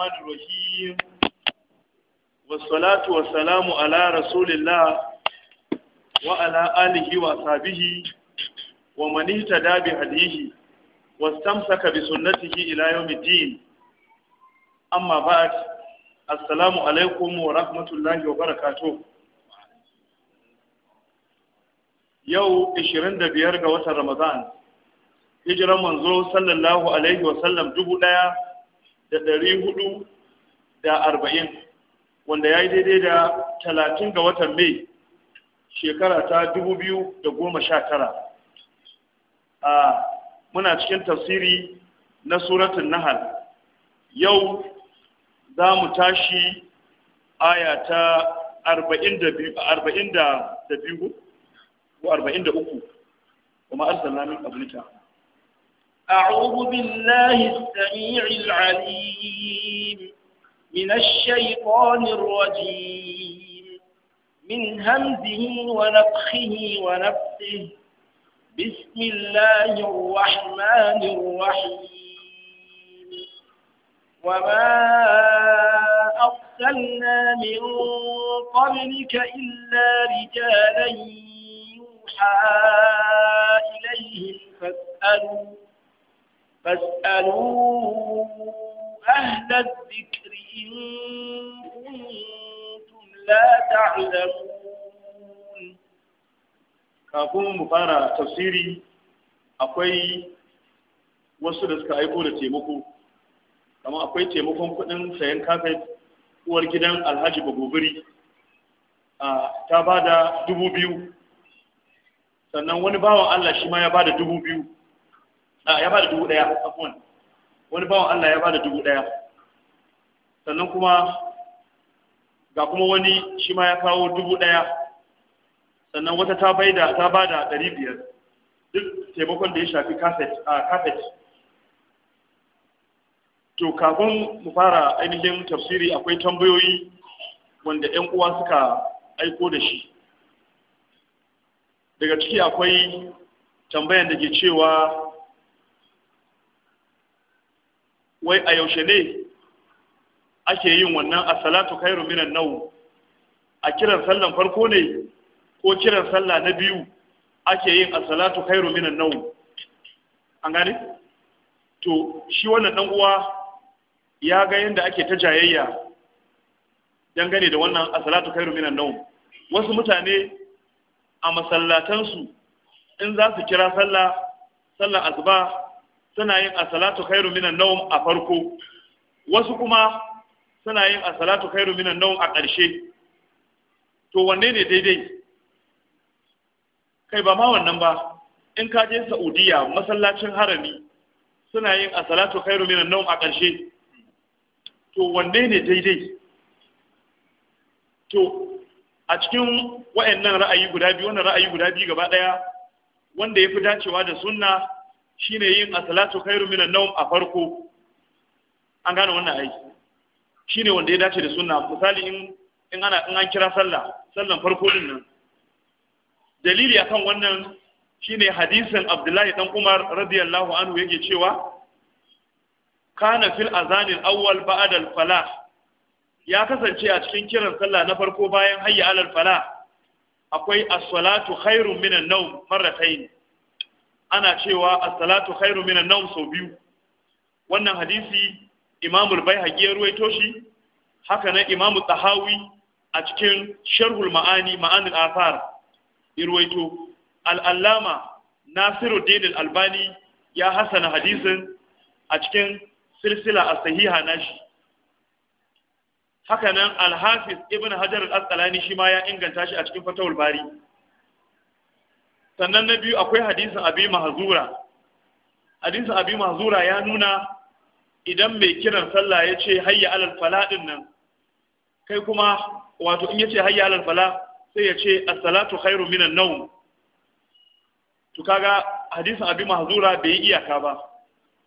الرحمن الرحيم والصلاة والسلام على رسول الله وعلى آله وصحبه ومن اهتدى بهديه واستمسك بسنته إلى يوم الدين أما بعد السلام عليكم ورحمة الله وبركاته يو 25 ga watan Ramadan hijiran manzo sallallahu alaihi wa sallam dubu da ɗari hudu da arba'in wanda ya yi daidai da talatin ga watan mai shekara ta dubu biyu da goma sha tara a muna cikin tafsiri na suratun nahal yau za mu tashi aya ta arba'in da biyu ko arba'in da uku kuma arsalna min أعوذ بالله السميع العليم من الشيطان الرجيم من همزه ونفخه ونفسه بسم الله الرحمن الرحيم وما أرسلنا من قبلك إلا رجالا يوحى إليهم فاسألوا فاسألوا أهل الذكر إن كنتم لا kafin mu fara tafsiri akwai wasu da suka aiko da taimako kama akwai taimakon kuɗin sayan kafet uwar gidan alhaji bagobiri ta ba da dubu biyu sannan wani bawan allah shi ma ya ba da dubu biyu a ah, ya da dubu ɗaya afuwan wani bawan Allah ya bada dubu ɗaya sannan kuma ga kuma wani shi ma ya kawo dubu ɗaya sannan wata ta baida ta bada ɗari biyar duk taimakon da ya shafi kafet a kafet to kafin mu fara ainihin tafsiri akwai tambayoyi wanda 'yan uwa suka aiko da shi daga ciki akwai tambayan da ke cewa wai a yaushe ne ake yin wannan a salatu kairu minan nau? a kiran sallan farko ne ko kiran sallah na biyu ake yin a salatu kairu minan nau, an gane to shi wannan dan uwa ya ga yanda ake ta jayayya dangane da wannan a salatu kairu minan nau. wasu mutane a masallatansu in za su kira sallah sallar asuba suna yin asalatu khairu minan nawm a farko wasu kuma suna yin asalatu khairu minan nawm a ƙarshe to wanne ne daidai kai ba ma wannan ba in ka je Saudiya masallacin harami suna yin asalatu khairu minan nawm a ƙarshe to wanne ne daidai to a cikin wa'annan ra'ayi guda biyu wannan ra'ayi guda biyu gaba daya wanda yafi dacewa da sunna shine yin asalatu salatu khairu minan nawm a farko an gane wannan aiki shine wanda ya dace da sunna misali in in ana in an kira sallah sallan farko din nan dalili akan wannan shine hadisin Abdullahi dan Umar radiyallahu anhu yake cewa kana fil al awwal ba'da al falah ya kasance a cikin kiran sallah na farko bayan hayya alal falah akwai as-salatu khairun minan nawm marratayn ana cewa as-salatu khairu minan nawm sau biyu wannan hadisi Imam al-Baihaqi ya ruwaito shi haka nan Imam Tahawi a cikin Sharhul Ma'ani Ma'anil Athar ya ruwaito al-Allama Nasiruddin al-Albani ya hasana hadisin a cikin silsila as-sahiha nashi haka nan al-Hafiz Ibn Hajar al-Asqalani shi ma ya inganta shi a cikin Fatawul Bari sannan na biyu akwai hadisin abi mahzura hadisin abi mahzura ya nuna idan mai kiran sallah ya ce hayya alal fala din nan kai kuma wato in ya ce hayya alal fala sai ya ce as-salatu khairu minan nawm to kaga hadisin abi mahzura bai yi iyaka ba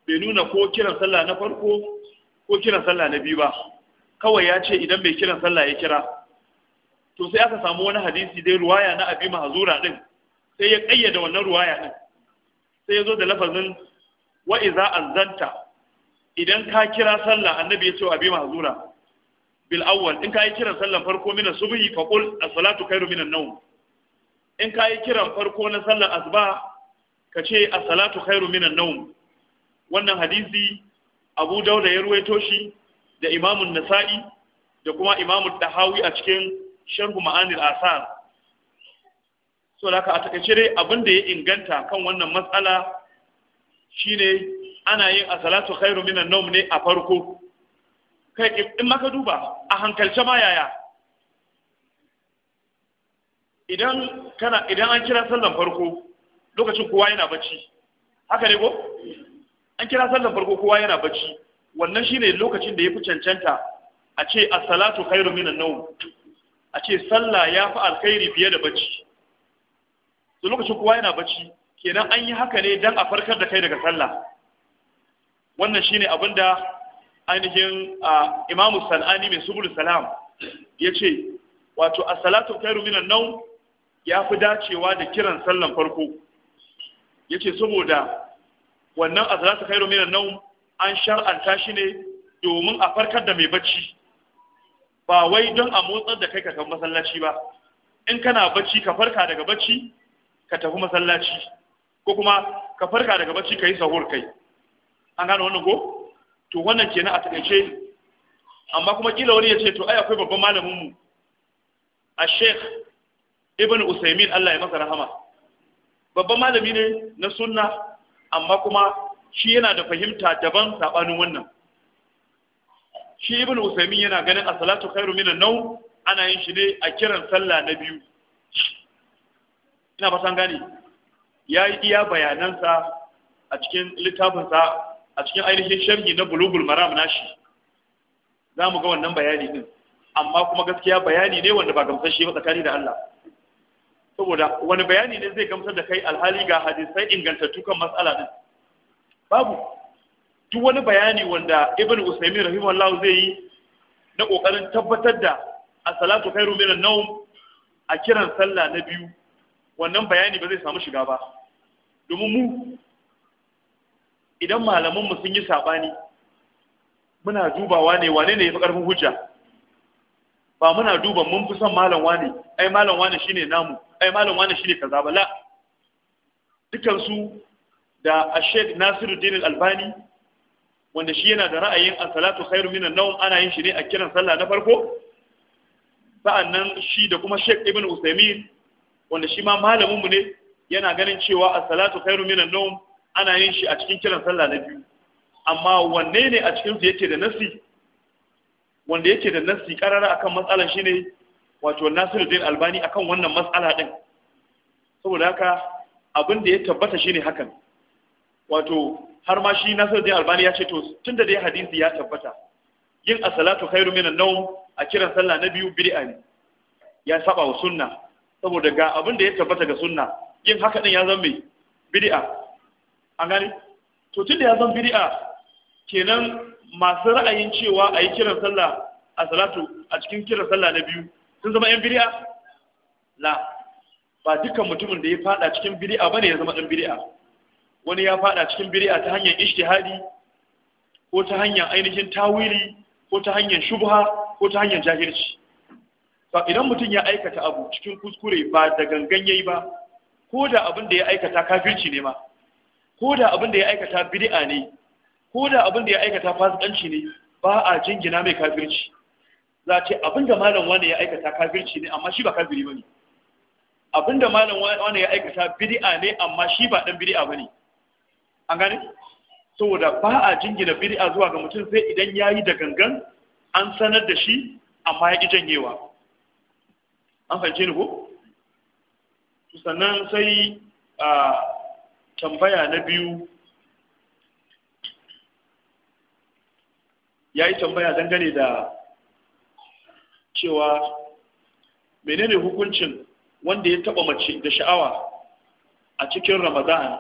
bai nuna ko kiran sallah na farko ko kiran sallah na biyu ba kawai ya ce idan mai kiran sallah ya kira to sai aka samu wani hadisi dai ruwaya na abi mahzura din sai ya ƙayyada wannan ruwaya din sai ya zo da lafazin 'Wa'iza iza azanta idan ka kira sallah annabi ya ce abi mahzura bil awal in ka yi kiran sallah farko mina subhi fa qul salatu khairu minan nau' in ka yi kiran farko na sallar asba ka ce as-salatu khairu minan nau' wannan hadisi Abu Dawud ya ruwaito shi da imamun Nasa'i da kuma Imamun Tahawi a cikin sharhu Ma'anil Asar so da a takaice dai abin da ya inganta kan wannan matsala shine ana yin a salatu khairu minan nawm ne a farko kai in maka duba a hankalce ma yaya idan kana idan an kira sallan farko lokacin kowa yana bacci haka ne ko an kira sallan farko kowa yana bacci wannan shine lokacin da ya fi cancanta a ce as-salatu khairu minan nawm a ce sallah ya fi alkhairi fiye da bacci to lokacin kowa yana bacci kenan an yi haka ne dan a farkar da kai daga sallah wannan shine abinda ainihin imamu sanani mai subul salam ya ce wato a salatu kairu minan nau ya fi dacewa da kiran sallan farko ya ce saboda wannan a salatu kairu minan nau an shar'anta shi ne domin a farkar da mai bacci ba wai don a motsar da kai ka kan masallaci ba in kana bacci ka farka daga bacci ka tafi masallaci ko kuma ka farka daga bacci ka yi sahur kai an gane wannan ko to wannan kenan a takaice amma kuma kila wani ya ce to ai akwai babban malamin mu a sheikh ibn usaimin allah ya masa rahama babban malami ne na sunna amma kuma shi yana da fahimta daban sabanin wannan shi ibn usaimin yana ganin as-salatu khairu minan nawm ana yin shi ne a kiran sallah na biyu ina fatan gani ya yi iya bayanansa a cikin littafinsa a cikin ainihin sharhi na bulugul maram nashi za mu ga wannan bayani din amma kuma gaskiya bayani ne wanda ba gamsashe ba tsakani da Allah saboda wani bayani ne zai gamsar da kai alhali ga hadisai ingantattu kan matsala din babu duk wani bayani wanda ibn usaimin rahimahullah zai yi na kokarin tabbatar da as-salatu khairu minan nawm a kiran sallah na biyu wannan bayani ba zai samu shiga ba domin mu idan malamanmu sun yi saɓani muna dubawa ne wane ne ya fi ƙarfin hujja ba muna duba mun fi son malam wane ai malam wane shine namu ai malam wane shine kaza ba la dukansu da ashek nasiruddin al-albani wanda shi yana da ra'ayin as-salatu khairu an nawm ana yin shi ne a kiran sallah na farko sa'annan shi da kuma Sheikh Ibn usaymin wanda shi ma malamin mu ne yana ganin cewa as-salatu khairu minan nawm ana yin shi a cikin kiran sallah na biyu amma wanne ne a cikin su yake da nasi wanda yake da nasi karara akan matsalan ne, wato Nasiruddin Albani akan wannan matsala din saboda haka abin da ya tabbata shine hakan wato har ma shi Nasiruddin Albani ya ce to tunda dai hadisi ya tabbata yin as-salatu khairu minan nawm a kiran sallah na biyu bid'a ne ya saba wa sunna saboda ga abin da ya tabbata ga sunna yin haka din ya zama mai bid'a an gani to tun da ya zama bid'a kenan masu ra'ayin cewa a yi kiran sallah a salatu a cikin kiran sallah na biyu sun zama yan bid'a la ba dukkan mutumin da ya fada cikin bid'a bane ya zama ɗan bid'a wani ya fada cikin bid'a ta hanyar ijtihadi ko ta hanyar ainihin tawili ko ta hanyar shubha ko ta hanyar jahilci to idan mutum ya aikata abu cikin kuskure ba da gangan yayi ba ko da abin da ya aikata kafirci ne ma ko da abin da ya aikata bid'a ne ko da abin da ya aikata fasikanci ne ba a jingina mai kafirci za ce abin da malam wani ya aikata kafirci ne amma shi ba kafiri bane abin da malam wani ya aikata bid'a ne amma shi ba dan bid'a bane an gane saboda ba a jingina bid'a zuwa ga mutum sai idan yayi da gangan an sanar da shi amma ya ki janyewa an fahimce ni ko sannan sai a tambaya na biyu ya yi tambaya dangane da cewa menene hukuncin wanda ya taba mace da sha'awa a cikin ramadan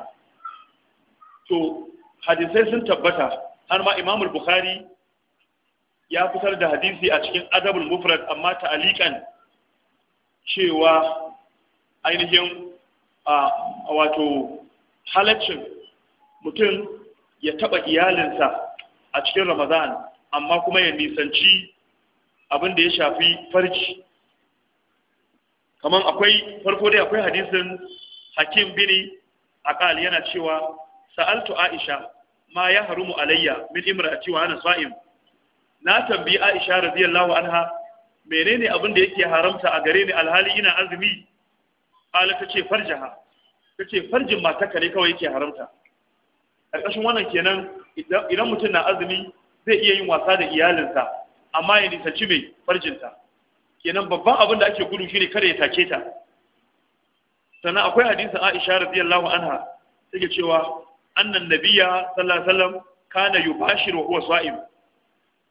to hadisai sun tabbata har ma imamul bukhari ya fitar da hadisi a cikin adabul mufrad amma ta'alikan cewa ainihin a wato halaccin mutum ya taɓa iyalinsa a cikin ramadan amma kuma ya nisanci abin da ya shafi farji kamar akwai farko dai akwai hadisin hakim bini akal yana cewa sa'altu aisha ma ya harumu alayya min a cewa ana sa'im na tambayi aisha radiyallahu anha menene abin da yake haramta a gare ni alhali ina azumi ala ta ce farjaha tace farjin matarka ne kawai yake haramta ƙarƙashin wannan kenan idan mutum na azumi zai iya yin wasa da iyalinsa amma ya nisanci mai farjinta kenan babban abin da ake gudu shine kada ya take ta sannan akwai hadisin Aisha radiyallahu anha take cewa annan nabiyya sallallahu alaihi wasallam kana yubashiru huwa sa'im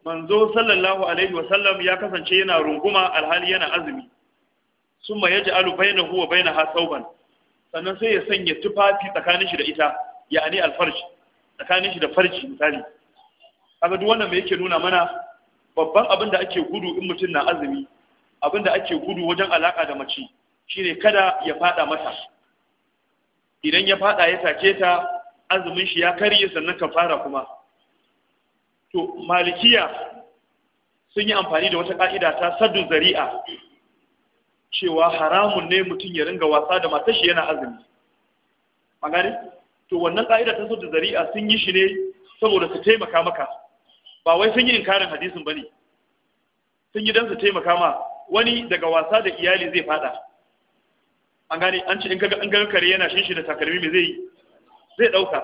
manzo sallallahu alaihi wasallam ya kasance yana runguma alhali yana azumi summa yaj'alu bainahu wa bainaha sauban sannan sai ya sanya tufafi tsakanin shi da ita yani alfarji tsakanin shi da farji misali kaga duk wannan me yake nuna mana babban abin da ake gudu in mutum na azumi abin da ake gudu wajen alaka da mace shine kada ya fada mata idan ya fada ya take ta azumin shi ya karye sannan ka fara kuma to malikiya sun yi amfani da wata ka'ida ta saddu zari'a cewa haramun ne mutum ya ringa wasa da matar shi yana azumi magani to wannan ka'ida ta saddu zari'a sun yi shi ne saboda su taimaka maka ba wai sun yi inkarin hadisin bane sun yi dan su taimaka ma wani daga wasa da iyali zai fada an gane an ce in kaga an ga kare yana shi da takalmi me zai zai dauka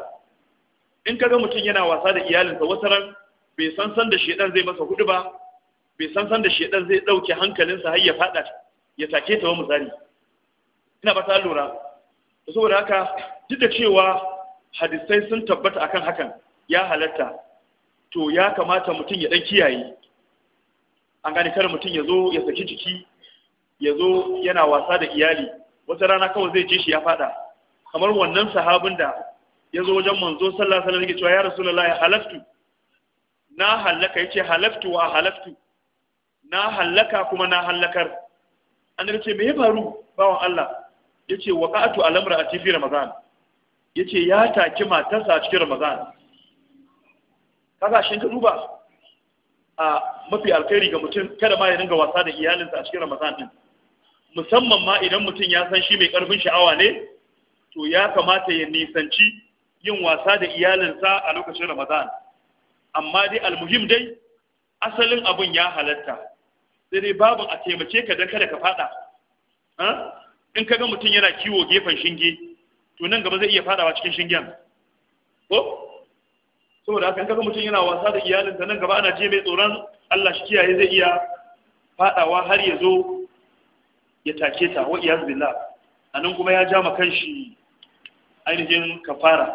in kaga mutum yana wasa da iyalinsa wasu bai san san da shedan zai masa hudu ba bai san san da shedan zai dauke hankalinsa har ya fada ya take ta wa misali ina ba ta lura to saboda haka duk da cewa hadisai sun tabbata akan hakan ya halatta to ya kamata mutum ya dan kiyaye an gane kar mutum ya zo ya saki jiki ya zo yana wasa da iyali wata rana kawai zai je shi ya fada kamar wannan sahabin da ya zo wajen manzo sallah alaihi wasallam yake cewa ya rasulullahi halaftu na hallaka yace halaftu wa halaftu na hallaka kuma na hallakar an ce me faru bawan Allah yace waqa'tu al-imra'ati fi ramadan yace ya taki matarsa a cikin ramadan kaga shin ka duba a mafi alkhairi ga mutum kada ma ya dinga wasa da iyalinsa a cikin ramadan din musamman ma idan mutum ya san shi mai karfin sha'awa ne to ya kamata ya nisanci yin wasa da iyalinsa a lokacin ramadan amma dai almuhim dai asalin abun ya halatta sai dai babu a taimace ka dan kada ka fada in kaga mutum yana kiwo gefen shinge to nan gaba zai iya fadawa cikin shingen ko saboda haka in kaga mutum yana wasa da iyalinsa nan gaba ana ji mai tsoron Allah shi kiyaye zai iya fadawa har ya zo ya take ta wa iyaz billah anan kuma ya jama kanshi ainihin kafara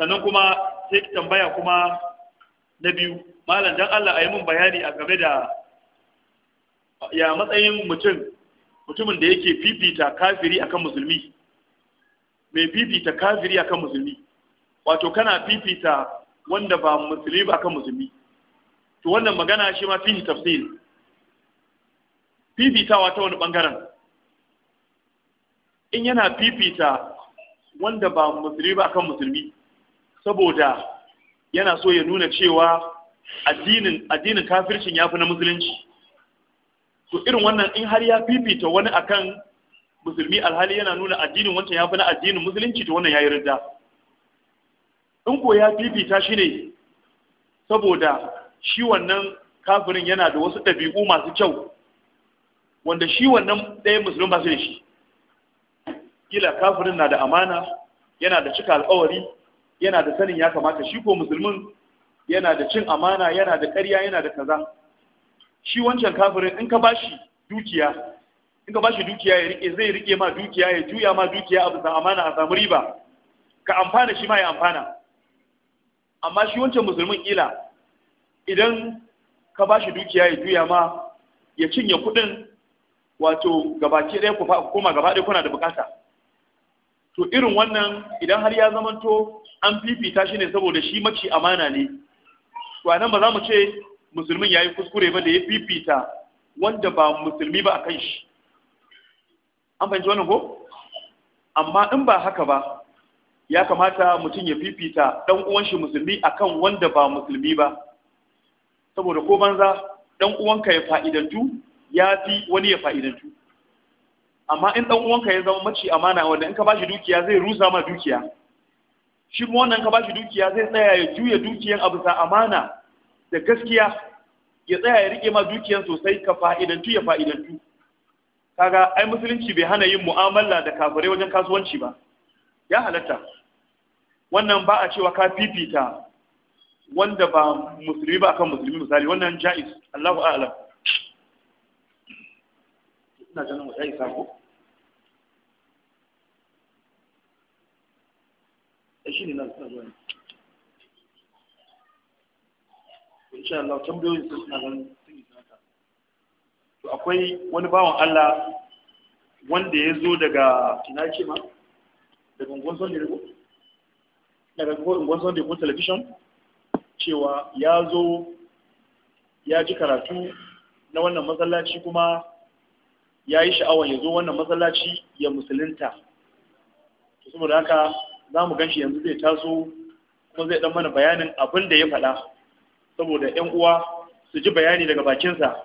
sannan kuma sai tambaya kuma na biyu malam dan Allah a yi mun bayani a game da ya matsayin mutum mutumin da yake fifita kafiri akan musulmi mai fifita kafiri akan musulmi wato kana fifita wanda ba musulmi ba akan musulmi to wannan magana shi ma fihi tafsir fifitawa ta wani bangaren in yana fifita wanda ba musulmi ba akan musulmi saboda yana so ya nuna cewa addinin addinin kafircin yafi na musulunci to irin wannan in har ya fifita wani akan musulmi alhali yana nuna addinin wancan yafi na addinin musulunci to wannan yayi ridda in ko ya fifita shi ne saboda shi wannan kafirin yana da wasu ɗabi'u masu kyau wanda shi wannan ɗaya musulun ba su da shi kila kafirin na da amana yana da cika alƙawari yana da sanin ya kamata shi ko musulmin yana da cin amana yana da ƙarya yana da kaza shi wancan kafirin in ka bashi dukiya in ka bashi dukiya ya rike zai rike ma dukiya ya juya ma dukiya a bisa amana a samu riba ka amfana shi ma ya amfana amma shi wancan musulmin kila idan ka bashi dukiya ya juya ma ya cinye kuɗin wato gabaki ɗaya ku koma gaba ɗaya kuna da bukata to irin wannan idan har ya zamanto an fifita shi ne saboda shi maci amana ne to anan ba za mu ce musulmin yayi kuskure ba da ya fifita wanda ba musulmi ba akan shi an fahimci wannan ko amma in ba haka ba ya kamata mutum ya fifita dan uwan shi musulmi akan wanda ba musulmi ba saboda ko banza dan uwanka ya fa'idantu ya fi wani ya fa'idantu amma in dan uwanka ya zama maci amana wanda in ka bashi dukiya zai rusa ma dukiya shi kuma wannan ka bashi dukiya zai tsaya ya juya dukiyan abu sa amana da gaskiya ya tsaya ya rike ma dukiyan sosai ka fa'idantu ya fa'idantu kaga ai musulunci bai hana yin mu'amala da kafirai wajen kasuwanci ba ya halatta wannan ba a cewa ka fifita wanda ba musulmi ba akan musulmi misali wannan ja'iz Allahu a'lam ina ganin wa ja'iz ko shi ne nan suna zuwa insha Allah tambayoyin sun suna nan sun yi sanata to akwai wani bawan Allah wanda ya zo daga ina ce ma daga unguwar Sunday ko daga unguwar Sunday ko television cewa ya zo ya ji karatu na wannan masallaci kuma ya yi sha'awar ya zo wannan masallaci ya musulunta saboda haka za mu gan shi yanzu zai taso kuma zai dan mana bayanin abin da ya faɗa saboda 'yan uwa su ji bayani daga bakinsa.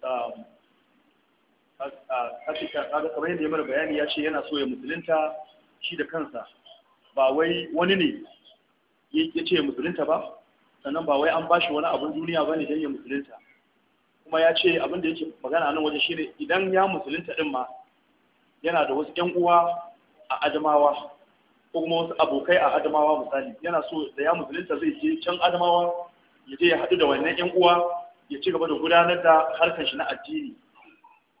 Um, kasika kaga kamar yadda ya mara bayani ya ce yana so ya musulunta shi da kansa ba wai wani ne ya ce ya musulunta ba sannan ba wai an bashi wani abun duniya ba ne dan ya musulunta kuma ya ce abin da yake magana nan waje shine idan ya musulunta din ma yana da wasu ƴan uwa a Adamawa ko kuma wasu abokai a Adamawa misali yana so da ya musulunta zai je can Adamawa ya je ya haɗu da wannan ƴan uwa ya ci gaba da gudanar da harkar shi na addini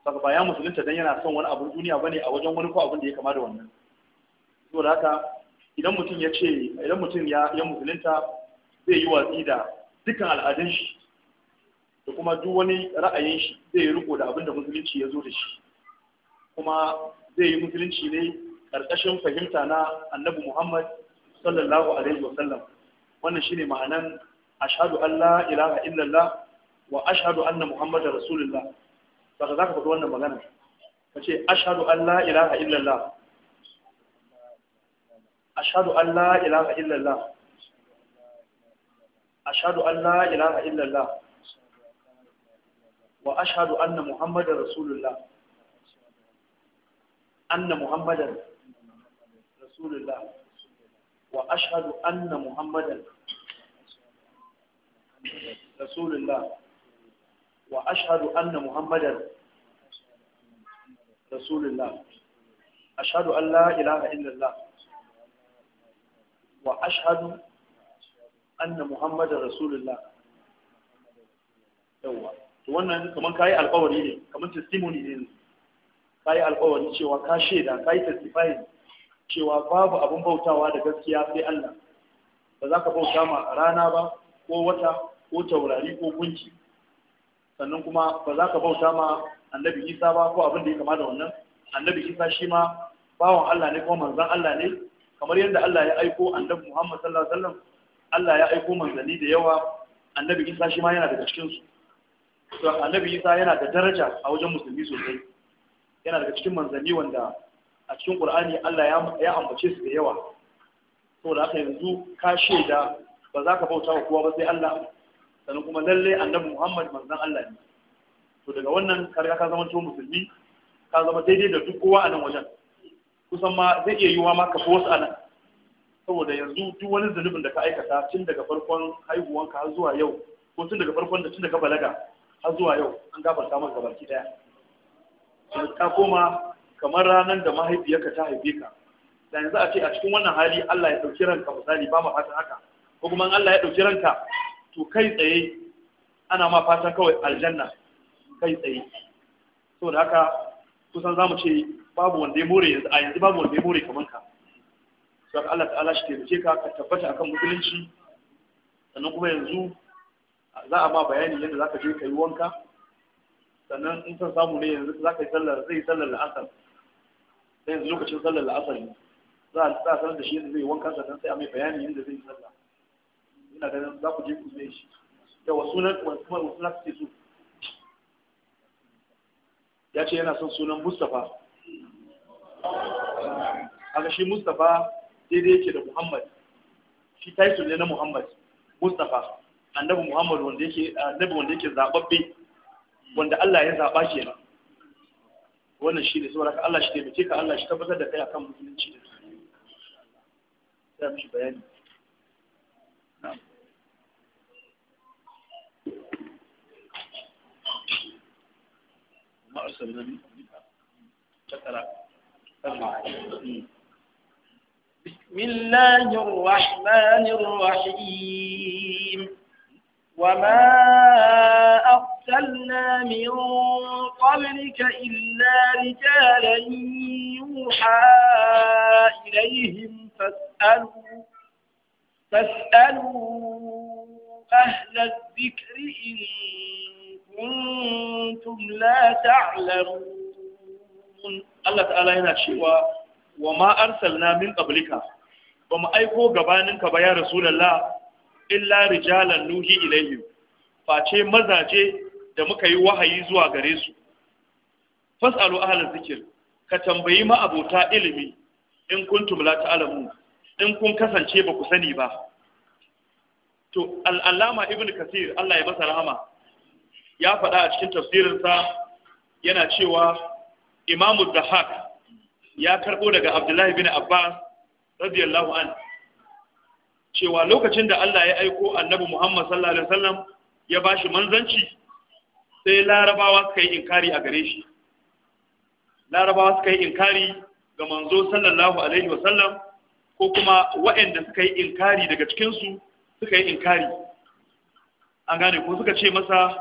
saka ba ya musulunta dan yana son wani abun duniya bane a wajen wani ko abin da ya kama da wannan saboda haka idan mutum ya ce idan mutum ya ya musulunta zai yi watsi da dukkan al'adun shi da kuma duk wani ra'ayin shi zai yi riko da abin da musulunci ya zo da shi kuma zai yi musulunci ne ƙarƙashin fahimta na annabi muhammad sallallahu alaihi wa sallam wannan shine ma'anan ashhadu an la ilaha illallah wa ashhadu anna muhammadar rasulullah saka za ka faɗi wannan magana ka ce ashadu an la illallah ashadu an la illallah ashadu an la illallah wa ashadu anna muhammadar rasulullah anna muhammadar rasulullah wa ashadu anna muhammadar rasulullah wa ashadu anna muhammadan rasulullah ashhadu an la ilaha illallah wa ashadu anna muhammadan rasulullah yawa to wannan kaman kayi alƙawari ne kaman testimony ne kayi alƙawari cewa ka shaida kayi testifying cewa babu abin bautawa da gaskiya sai Allah ba za ka bauta ma rana ba ko wata ko taurari ko gunki sannan kuma ba za ka bauta ma annabi isa ba ko abin da ya kama da wannan annabi isa shi ma bawan allah ne kuma manzan allah ne kamar yadda allah ya aiko annabi muhammad sallallahu alaihi wasallam allah ya aiko manzanni da yawa annabi isa shi ma yana daga cikinsu to annabi isa yana da daraja a wajen musulmi sosai yana daga cikin manzanni wanda a cikin qur'ani allah ya ambace su da yawa saboda haka yanzu ka shaida ba za ka bauta wa kowa ba sai allah sannan kuma lalle annabi Muhammad manzon Allah ne to daga wannan karga ka zama to musulmi ka zama daidai da duk kowa a nan wajen kusan ma zai iya yiwa ma ka fosa wasu nan saboda yanzu duk wani zunubin da ka aikata tun daga farkon haihuwanka har zuwa yau ko tun daga farkon da tun daga balaga har zuwa yau an gafarta maka gabaki daya ka koma kamar ranar da mahaifiyarka ta haife ka da yanzu a ce a cikin wannan hali Allah ya dauki ranka misali ba mu fata haka ko kuma Allah ya dauki ranka to kai tsaye ana ma fatan kawai aljanna kai tsaye saboda haka kusan zamu ce babu wanda ya more yanzu a yanzu babu wanda ya more kamar ka haka Allah ta'ala shi taimake ka ka tabbata akan musulunci sannan kuma yanzu za a ma bayani yadda za ka je ka yi wanka sannan in san samu ne yanzu ka yi sallar zai sallar la'asar sai yanzu lokacin sallar la'asar ne za a sanar da shi yadda zai wanka sannan sai a mai bayani yadda zai sallar. ina ganin za yana son sunan Mustapha ga shi Mustapha daidai yake da Muhammad shi taito ne na Muhammad Mustapha annabi Muhammad wanda yake annabi wanda Allah ya zaba wannan shi ne saboda Allah shi ne ka Allah shi tabbatar da kai akan musulunci da sai ya mishi bayani نعم بسم الله الرحمن الرحيم وما أرسلنا من قبلك إلا رجالا يوحى إليهم فاسألوا فاسألوا أهل الذكر إن كنتم لا تعلمون الله تعالى هنا شوى وما أرسلنا من قبلك وما أيكو قبانك يا رسول الله إلا رجالا نوهي إليهم face mazaje da muka yi wahayi zuwa gare su fasalu ahal zikir ka tambayi ma'abota ilimi in kuntum la ta'lamun in kun kasance ba ku sani ba to al'allama ibn kasir Allah ya masa rahama ya faɗa a cikin tafsirinsa yana cewa imamu zahak ya karɓo daga abdullahi bin abbas radiyallahu an cewa lokacin da Allah ya aiko annabi muhammad sallallahu alaihi wasallam ya ba shi manzanci sai larabawa suka yi inkari a gare shi larabawa suka yi inkari ga manzo sallallahu alaihi wasallam ko kuma waɗanda suka yi inkari daga cikinsu suka yi inkari an gane ko suka ce masa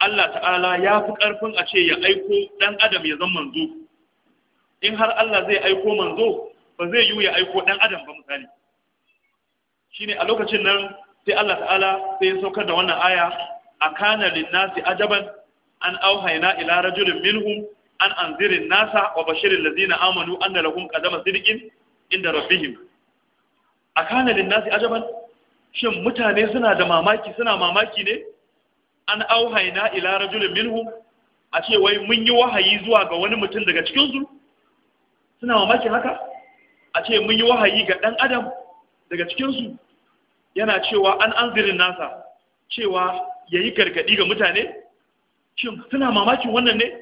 Allah ta'ala ya fi ƙarfin a ce ya aiko ɗan adam ya zama manzo in har Allah zai aiko manzo ba zai yi ya aiko ɗan adam ba misali shine a lokacin nan sai Allah ta'ala sai ya saukar da wannan aya a kana linnasi ajaban an auhaina ila rajulin minhum an anzirin nasa wa bashirin lazina amanu anna lahum qadama sidqin inda rabbihim akana linnasi ajaban shin mutane suna da mamaki suna mamaki ne an auhaina ila rajulin minhum a ce wai mun yi wahayi zuwa ga wani mutum daga cikin su suna mamakin haka a ce mun yi wahayi ga dan adam daga cikin su yana cewa an anzirin nasa cewa yayi gargadi ga mutane shin suna mamakin wannan ne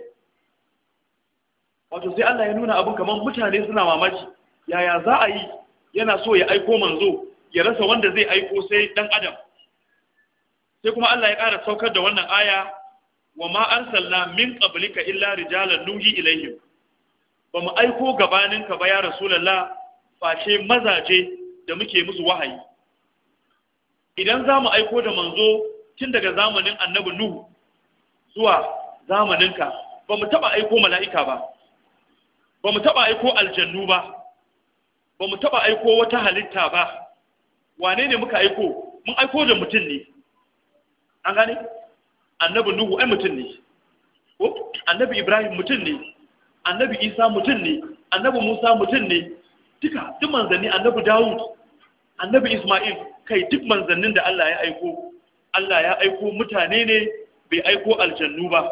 wato sai Allah ya nuna abin kamar mutane suna mamaki yaya za a yi yana so ya aiko manzo ya rasa wanda zai aiko sai dan adam sai kuma Allah ya ƙara saukar da wannan aya wa ma arsalna min qablika illa rijalan nuhi ilayhim ba mu aiko ka ba ya rasulullah face mazaje da muke musu wahayi idan za mu aiko da manzo tun daga zamanin annabi nuhu zuwa zamaninka ba mu taɓa aiko mala'ika ba ba mu taɓa aiko aljannu ba ba mu taɓa aiko wata halitta ba wane ne muka aiko mun aiko da mutum ne an gane annabi nuhu ai mutum ne ko annabi ibrahim mutum ne annabi isa mutum ne annabi musa mutum ne duka duk manzanni annabi dawud annabi isma'il kai duk manzannin da allah ya aiko allah ya aiko mutane ne bai aiko aljannu ba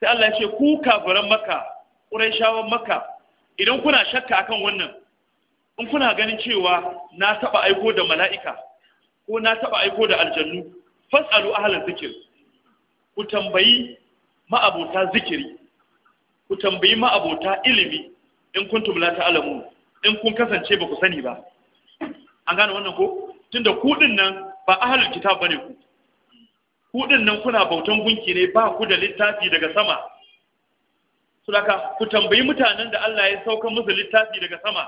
sai allah ya ce ku kafiran maka ƙurayshawan maka idan kuna shakka akan wannan in kuna ganin cewa na taba aiko da mala'ika ko na taba aiko da aljannu fasalu ahlan zikir ku tambayi ma'abota zikiri ku tambayi ma'abota ilimi in kuntum la ta'lamu in kun kasance ba ku sani ba an gane wannan ko tunda ku din nan ba ahlul kitab bane ku ku din nan kuna bautan gunki ne ba ku da littafi daga sama Sulaka, ku tambayi mutanen da Allah ya sauka musu littafi daga sama,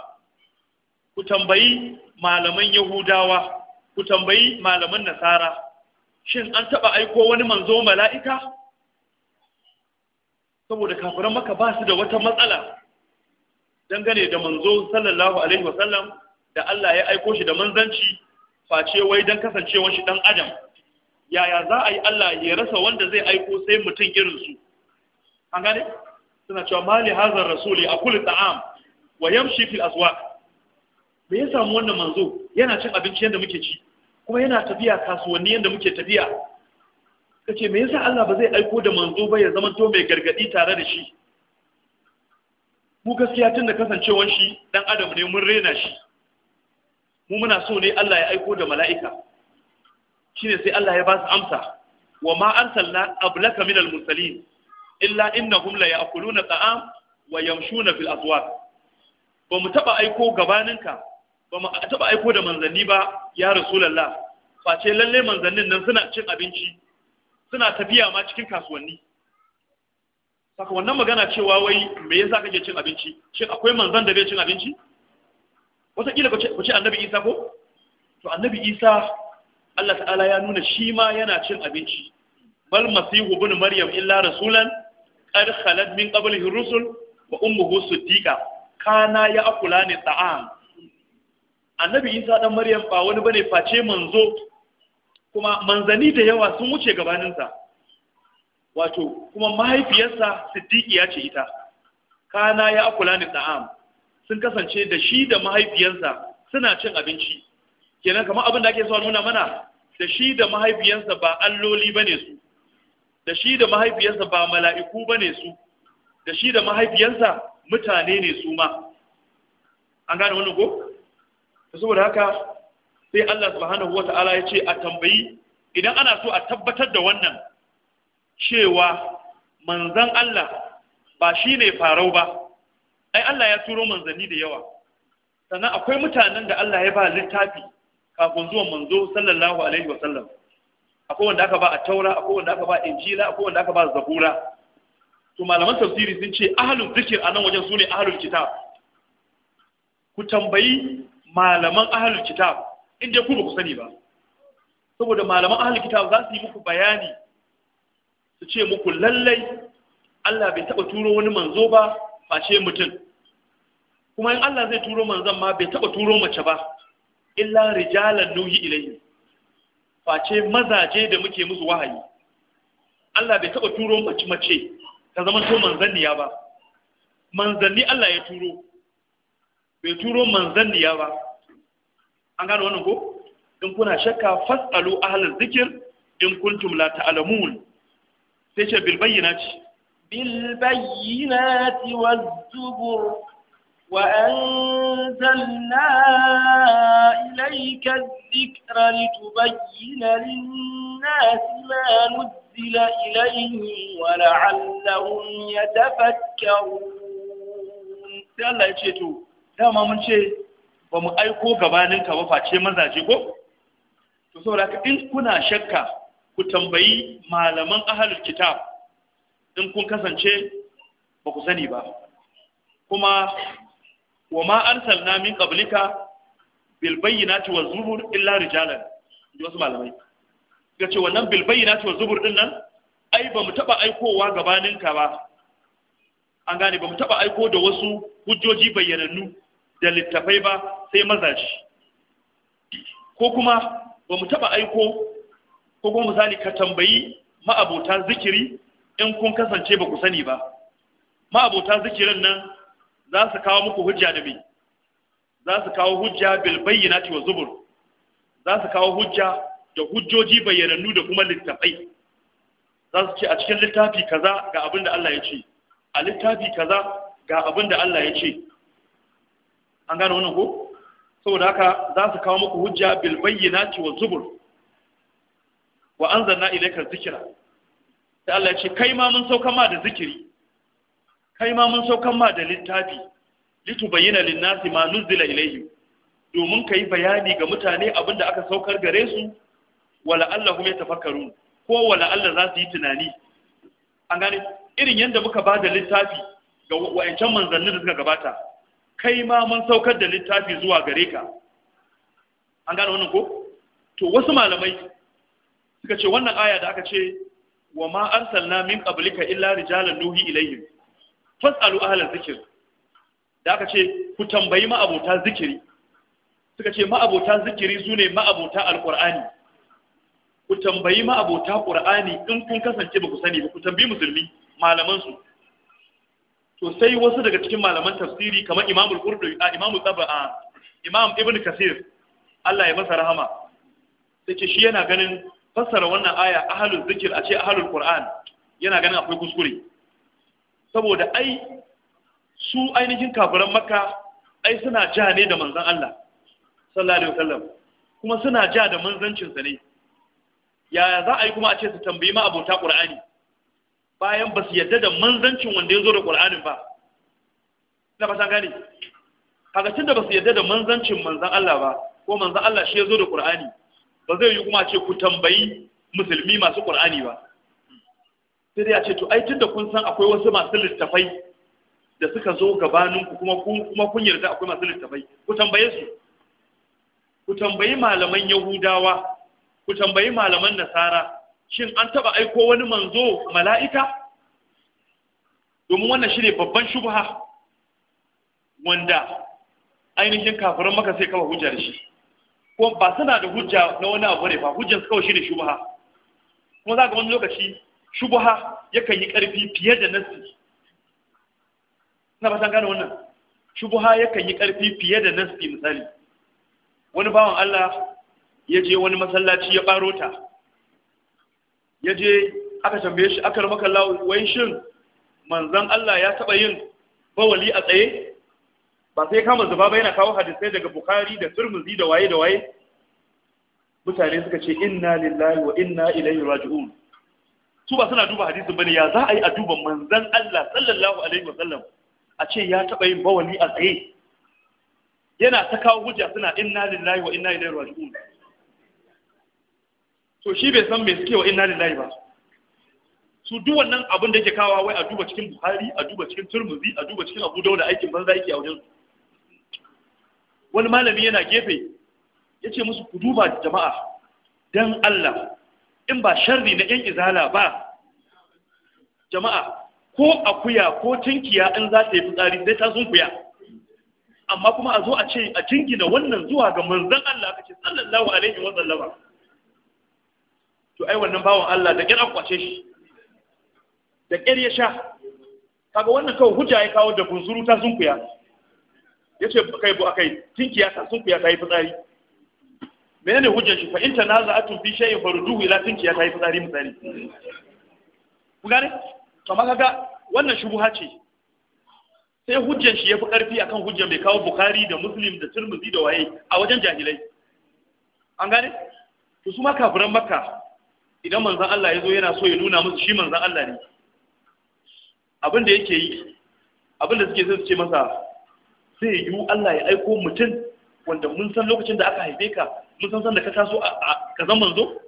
ku tambayi malaman Yahudawa, ku tambayi malaman Nasara, shin an taɓa aiko wani manzo mala'ika? Saboda kafiran maka ba su da wata matsala dangane da manzo sallallahu Alaihi wasallam da Allah ya aiko shi da manzanci face wai don kasancewar shi ɗan Adam. Yaya za a yi Allah ya rasa wanda zai aiko sai mutum irinsu? An gane? suna cewa mali hazar rasuli a kulli ta'am wa yamshi fil aswaq me ya samu wannan manzo yana cin abinci yanda muke ci kuma yana tafiya kasuwanni yanda muke tafiya kace me yasa Allah ba zai aiko da manzo ba ya zama to mai gargadi tare da shi mu gaskiya tun da kasancewan shi dan adam ne mun rena shi mu muna so ne Allah ya aiko da mala'ika Shi ne sai Allah ya ba su amsa wa ma arsalna ablaka minal mursalin illa innahum la ya'kuluna ta'am wa yamshuna fil aswaq ba mu taba aiko gabaninka ba mu taba aiko da manzanni ba ya rasulullah face lalle manzannin nan suna cin abinci suna tafiya ma cikin kasuwanni saka wannan magana cewa wai me yasa kake cin abinci shin akwai manzan da bai cin abinci wataƙila ku ce annabi isa ko to annabi isa Allah ta'ala ya nuna shi ma yana cin abinci bal masihu bin maryam illa rasulan qad khalat min qablihi rusul wa ummuhu siddiqa kana ya akula ne ta'am annabi isa dan maryam ba wani bane face manzo kuma manzani da yawa sun wuce gabaninsa wato kuma mahaifiyarsa ya ce ita kana ya akula ne ta'am sun kasance da shi da mahaifiyarsa suna cin abinci kenan kamar abin da ake so nuna mana da shi da mahaifiyarsa ba alloli bane su da shi da mahaifiyarsa ba mala'iku ba ne su da shi da mahaifiyarsa mutane ne su ma an gane wannan ko saboda haka sai Allah subhanahu ta'ala ya ce a tambayi idan ana so a tabbatar da wannan cewa manzan Allah ba shi ne farau ba ai Allah ya turo manzanni da yawa sannan akwai mutanen da Allah ya ba littafi kafin zuwan manzo sallallahu alaihi wasallam akwai wanda aka ba a taura akwai wanda aka ba a injila akwai wanda aka ba zabura to malaman tafsiri sun ce ahlul zikir nan wajen sune ahlul kitab ku tambayi malaman ahlul kitab in dai ku ba ku sani ba saboda malaman ahlul kitab za su yi muku bayani su ce muku lallai Allah bai taba turo wani manzo ba face mutum kuma in Allah zai turo manzon ma bai taba turo mace ba illa rijalan nuhi ilayhi face mazaje da muke musu wahayi Allah bai taɓa turo mace mace ta zama to manzanniya ba manzanni Allah ya turo bai turo manzanniya ba an gano wannan ko in kuna shakka fasalu ahlal zikir in kuntum la ta'lamun sai ce bil bayyinati bil bayyinati waz zubur wa anzalna ilayka الذكر لتبين للناس ما نزل إليهم ولعلهم يتفكرون Allah ya ce to dama mun ce ba mu aiko gabanin ka ba face mazaje ko to saboda haka in kuna shakka ku tambayi malaman ahlul kitab in kun kasance ba ku sani ba kuma wa ma arsalna min qablika bil bayyinati wa zubur illa rijalan ji wasu malamai ga ce wannan bil bayyinati wa zubur din nan ai ba mu taba aikowa gabanin ka ba an gane ba mu taba aiko da wasu hujjoji bayyanannu da littafai ba sai mazaji ko kuma ba mu taba aiko ko kuma misali ka tambayi ma'abota zikiri in kun kasance ba ku sani ba ma'abota zikirin nan za su kawo muku hujja da mai za su kawo hujja bil bayyinati wa zubur za su kawo hujja da hujjoji bayyanannu da kuma littafai za su ce a cikin littafi kaza ga abin da Allah ya ce a littafi kaza ga abin da Allah ya ce an gane wannan ko saboda haka za su kawo muku hujja bil bayyinati wa zubur wa anzalna ilayka dhikra sai Allah ya ce kai ma mun sauka ma da zikiri kai ma mun sauka ma da littafi litubayyana lin-nasi ma nuzila ilayhi domin kai bayani ga mutane abinda aka saukar gare su wala allahum yatafakkarun ko wala allah za su yi tunani an gane irin yadda muka ba da littafi ga wayancan manzannin da suka gabata kai ma mun saukar da littafi zuwa gare ka an gane wannan ko to wasu malamai suka ce wannan aya da aka ce wa ma arsalna min qablika illa rijalan nuhi ilayhim fasalu ahlal zikr da aka ce ku tambayi ma'abota zikiri suka ce ma'abota zikiri su ne ma'abota alƙur'ani ku tambayi ma'abota ƙur'ani in kun kasance ba ku sani ba ku tambayi musulmi malamansu to sai wasu daga cikin malaman tafsiri kamar imamul qurdubi a imamul a imam ibn kasir Allah ya masa rahama sai shi yana ganin fassara wannan aya ahlul zikir a ce ahlul qur'an yana ganin akwai kuskure saboda ai su ainihin kafiran makka ai suna ja ne da manzan Allah sallallahu alaihi wasallam kuma suna ja da manzancinsa ne yaya za a yi kuma a ce su tambayi ma abota qur'ani bayan ba su yadda da manzancin wanda ya zo da qur'anin ba na ba san gani kaga tunda ba su yadda da manzancin manzan Allah ba ko manzan Allah shi ya zo da qur'ani ba zai yi kuma a ce ku tambayi musulmi masu qur'ani ba sai dai a ce to ai tunda kun san akwai wasu masu littafai da suka zo gabaninku kuma kuma kun yarda akwai masu littafai ku tambaye su ku tambayi malaman yahudawa ku tambayi malaman nasara shin an taba aiko wani manzo mala'ika domin wannan shine babban shubha wanda ainihin kafirin maka sai kawai hujjar shi ko ba suna da hujja na wani abu ne ba hujjan kawai shine shubha kuma za ga wani lokaci shubha yakan yi karfi fiye da nasi na ba san gane wannan shubuha yakan yi karfi fiye da nasbi misali wani bawan Allah ya je wani masallaci ya baro ta ya je aka tambaye shi aka maka lawo wai shin manzon Allah ya taba yin bawali a tsaye ba sai kama zuba ba yana kawo hadisai daga Bukhari da Tirmidhi da waye da waye mutane suka ce inna lillahi wa inna ilaihi raji'un su ba suna duba hadisin bane ya za a yi a duba manzon Allah sallallahu alaihi wa sallam a ce ya taɓa yin bawali a tsaye yana ta kawo hujja suna inna lillahi wa inna ilaihi raji'un to shi bai san me suke wa inna lillahi ba su duk wannan abin da yake kawo wai a duba cikin Buhari a duba cikin Turmuzi a duba cikin Abu Dawud aikin banza yake a wajen wani malami yana gefe yace musu ku duba jama'a dan Allah in ba sharri na yan izala ba jama'a ko akuya ko tinkiya in za ta yi fitsari sai ta kuya amma kuma a zo a ce a jingina wannan zuwa ga manzon Allah kace ce sallallahu alaihi wa sallama to ai wannan bawan Allah da kira kwace shi da kyar ya sha kaga wannan kawai hujja ya kawo da bunzuru ta kuya yace kai bu akai tinkiya ta kuya ta yi fitsari menene hujjar shi fa in tanaza'atun fi shay'in farduhu ila tinkiya ta yi fitsari misali ku gane kamar maka ga wannan shubuha ce sai hujjan shi ya fi ƙarfi akan hujjan mai kawo bukari da muslim da turmuzi da waye a wajen jahilai an gane to su ma kafiran makka idan manzan Allah ya zo yana so ya nuna musu shi manzan Allah ne abin da yake yi abin da suke su ce masa zai yi Allah ya aiko mutum wanda mun san lokacin da aka haife ka mun san san da ka taso ka kazan manzo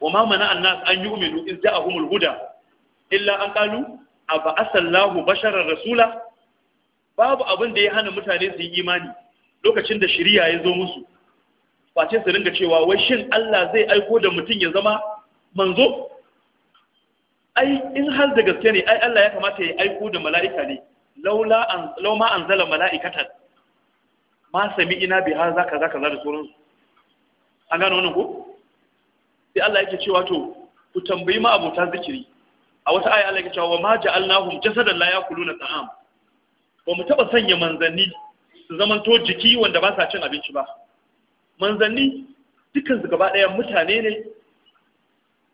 wa ma mana annas an yu'minu in ja'ahumul huda illa an qalu A asallahu basharar rasula babu abin da ya hana mutane su yi imani lokacin da shirya ya zo musu face su ringa cewa wai shin Allah zai aiko da mutum ya zama manzo ai in har da gaske ne ai Allah ya kamata ya aiko da mala'ika ne laula an lauma anzala mala'ikatan ma sami ina bi har zaka zaka da su? an gano wannan ko sai Allah yake cewa to ku tambayi ma abota zikiri a wata aya Allah ya cewa wa ma ja'alnahum jasadan la yakuluna ta'am ba mu taba sanya manzanni su to jiki wanda ba sa cin abinci ba manzanni dukkan su gaba daya mutane ne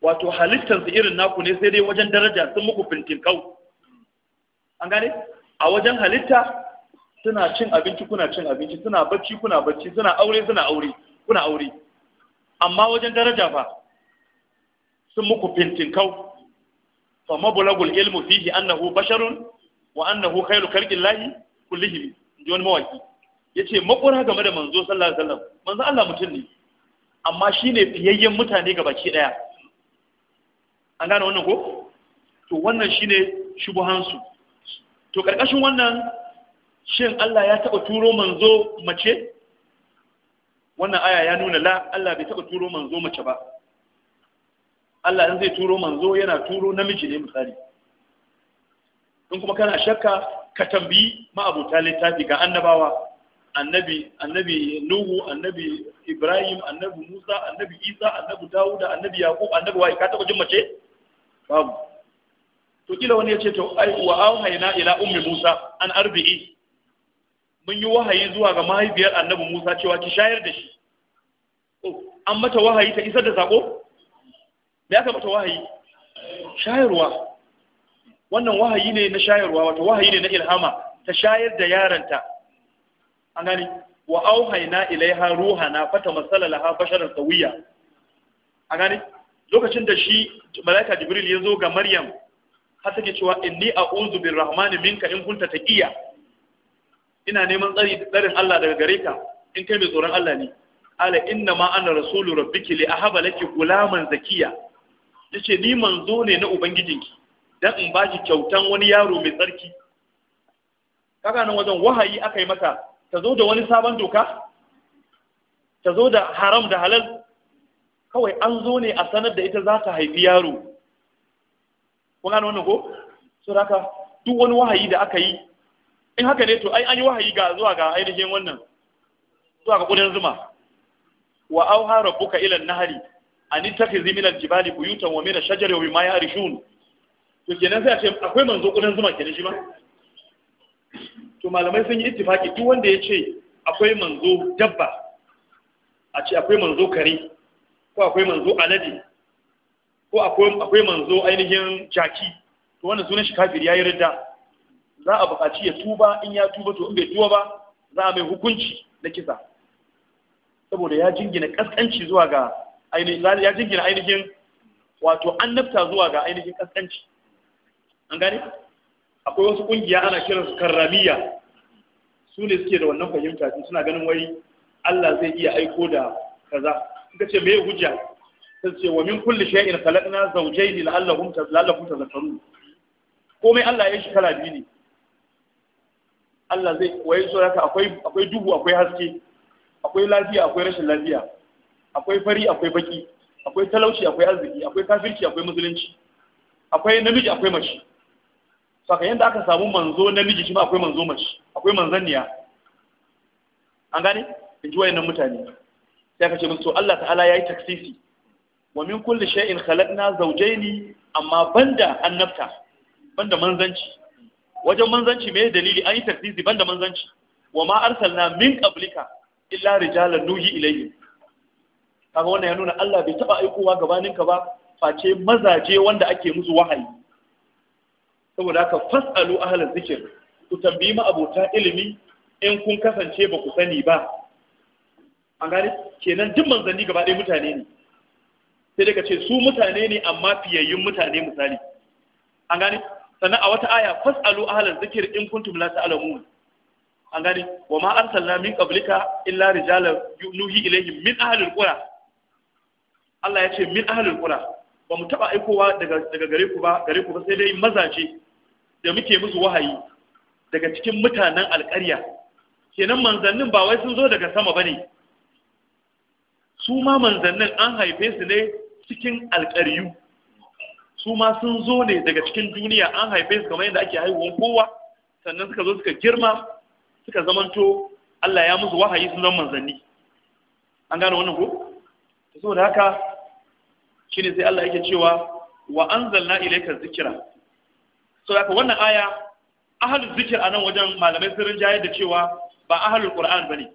wato halittar su irin naku ne sai dai wajen daraja sun muku fintin kau an gane a wajen halitta suna cin abinci kuna cin abinci suna bacci kuna bacci suna aure suna aure kuna aure amma wajen daraja fa sun muku fintin kau fa mablagul ilmu fihi annahu basharun wa annahu khairu khalqillahi kullihim inji wani mawaki yace makura game da manzo sallallahu alaihi wasallam manzo Allah mutum ne amma shine fiyayyen mutane ga baki daya an gane wannan ko to wannan shine su to karkashin wannan shin Allah ya taba turo manzo mace wannan aya ya nuna la Allah bai taba turo manzo mace ba Allah in zai turo manzo yana turo namiji ne misali in kuma kana shakka ka tambayi ma'abuta littafi ga annabawa annabi annabi nuhu annabi ibrahim annabi musa annabi isa annabi dawuda annabi yaqub annabi wai ka taba jin mace babu to kila wani ya ce to ai wa auhayna ila ummi musa an arbi'i mun yi wahayi zuwa ga mahaifiyar annabi musa cewa ki shayar da shi oh, an mata wahayi ta isar da sako me aka mata wahayi shayarwa wannan wahayi ne na shayarwa wato wahayi ne na ilhama ta shayar da yaranta an gani wa auhayna ilaiha ruhana fata masala laha basharan sawiya an gani lokacin da shi malaika jibril ya zo ga maryam har take cewa inni a'udhu birrahmani minka in kunta taqiya ina neman tsari tsarin Allah daga gare ka in kai mai tsoron Allah ne ala inna ma ana rasulu rabbiki li ahaba laki gulaman zakiya yace ni manzo ne na ubangijinki dan in ba ki kyautan wani yaro mai tsarki kaga nan wajen wahayi aka yi mata ta zo da wani sabon doka ta zo da haram da halal kawai an zo ne a sanar da ita za ta haifi yaro kun gano wannan ko so haka duk wani wahayi da aka yi in haka ne to ai an yi wahayi ga zuwa ga ainihin wannan zuwa ga kudin zuma wa auha rabbuka ila nahari an tattakhidhi min al-jibali buyutan wa min ash-shajari wa mimma yarishun to kenan sai a ce akwai manzo kudin zuma kenan shi to malamai sun yi ittifaki tu wanda ya ce akwai manzo dabba a ce akwai manzo kare ko akwai manzo alade ko akwai manzo ainihin jaki to wanda sunan shi kafir yi rida za a buƙaci ya tuba in ya tuba to in bai tuba ba za a mai hukunci na kisa saboda ya jingina kaskanci zuwa ga ainihin ya jingina ainihin wato annabta zuwa ga ainihin kaskanci an gane akwai wasu kungiya ana kiransu karramiya su ne suke da wannan fahimta suna ganin wai Allah zai iya aiko da kaza suka ce me hujja sai ce wa min kulli shay'in khalaqna zawjayn la'allahum la'allahum tadhakkarun komai Allah ya shi kala biyu ne Allah zai waye so haka akwai akwai duhu akwai haske akwai lafiya akwai rashin lafiya akwai fari akwai baki akwai talauci akwai arziki akwai kafirci akwai musulunci akwai namiji akwai mace saka yanda aka samu manzo namiji shi ma akwai manzo mace akwai manzanniya an gane in ji wayannan mutane sai aka ce musu Allah ta'ala yayi taksisi wa min kulli shay'in khalaqna zawjayni amma banda annabta banda manzanci wajen manzanci me dalili an yi taksisi banda manzanci wa ma arsalna min qablika illa rijalan nuhi ilayhim kaga wannan ya nuna Allah bai taba aikowa ka ba face mazaje wanda ake musu wahayi saboda haka fasalu ahlaz zikir ku tambayi ma abota ilimi in kun kasance ba ku sani ba an gane kenan duk manzanni gaba ɗaya mutane ne sai daga ce su mutane ne amma fiyayyun mutane misali an gane sannan a wata aya fasalu ahlaz zikir in kuntum la ta'lamun an gane wa ma arsalna min qablika illa rijalan nuhi ilayhim min ahlil qura Allah ya ce min ahlul qura ba mu taba aikowa daga daga gare ku ba gare ku ba sai dai mazaje da muke musu wahayi daga cikin mutanen alƙarya kenan manzannin ba wai sun zo daga sama bane su ma manzannin an haife su ne cikin alƙaryu su ma sun zo ne daga cikin duniya an haife su kamar yadda ake haihuwan kowa sannan suka zo suka girma suka zamanto Allah ya musu wahayi sun zama manzanni an gane wannan ko saboda haka shine sai Allah yake cewa wa anzalna ilayka dhikra so haka wannan aya ahlul zikir anan wajen malamai sirrin rinjaye da cewa ba ahlul qur'an bane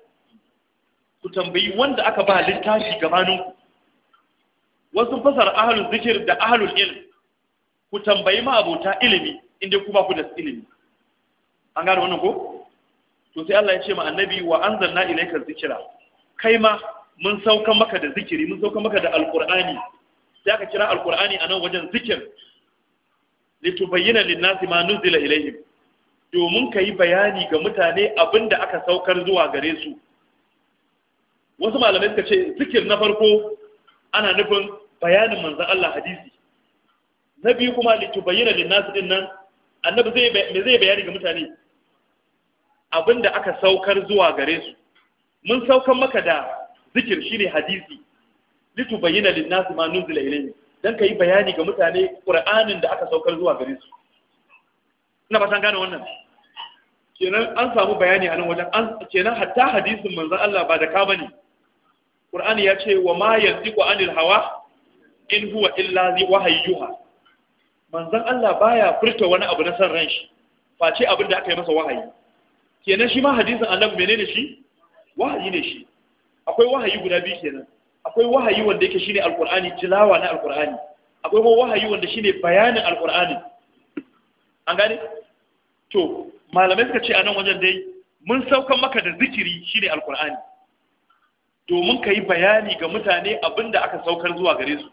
ku tambayi wanda aka ba littafi gabanin ku wasu fasar ahlul zikir da ahlul ilm ku tambayi ma abota ilimi inda ku ba ku da ilimi an gane wannan ko to sai Allah ya ce ma annabi wa anzalna ilayka dhikra kai ma mun sauka maka da zikiri mun sauka maka da alqur'ani sai aka kira a nan wajen zikir litubayyana lin-nasi ma nuzila ilayhim domin ka yi bayani ga mutane abin da aka saukar zuwa gare su wasu malamai suka ce zikir na farko ana nufin bayanin manzan Allah hadisi na biyu kuma litubayyana lin-nasi din nan annabi zai zai bayani ga mutane abin da aka saukar zuwa gare su mun saukar maka da zikir shine hadisi litubayyana lin-nasi ma nuzila ilayhi dan kai bayani ga mutane Qur'anin da aka saukar zuwa gare su ina ba san gane wannan kenan an samu bayani a nan wajen an kenan hatta hadisin manzon Allah ba da ka bane Qur'ani ya ce wa ma yantiqu anil hawa in huwa illa wahayyuha manzon Allah baya furta wani abu na san ran shi face abin da aka yi masa wahayi kenan shi ma hadisin annabi menene shi wahayi ne shi akwai wahayi guda biyu kenan akwai wahayi wanda yake shine alqur'ani tilawa na alqur'ani akwai kuma wahayi wanda shine bayanin alqur'ani an gane to malamai suka ce a nan wajen dai mun saukan maka da zikiri shine alqur'ani domin ka yi bayani ga mutane abinda aka saukar zuwa gare su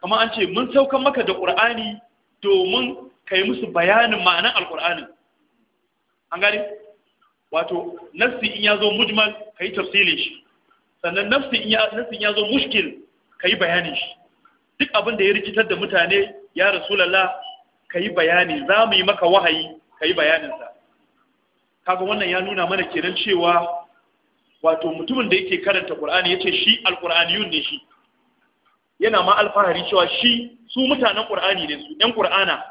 kamar an ce mun saukan maka da ƙur'ani domin ka yi musu bayanin ma'anan alqur'ani an gane wato nassi in ya zo mujmal ka yi tafsilin shi sannan nafsin ya nafsin ya zo mushkil kai bayani shi duk abin da ya rikitar da mutane ya rasulullah kai bayani za mu yi maka wahayi kai bayanin sa kaga wannan ya nuna mana kenan cewa wato mutumin da yake karanta qur'ani yace shi alqur'aniyun ne shi yana ma alfahari cewa shi su mutanen qur'ani ne su yan qur'ana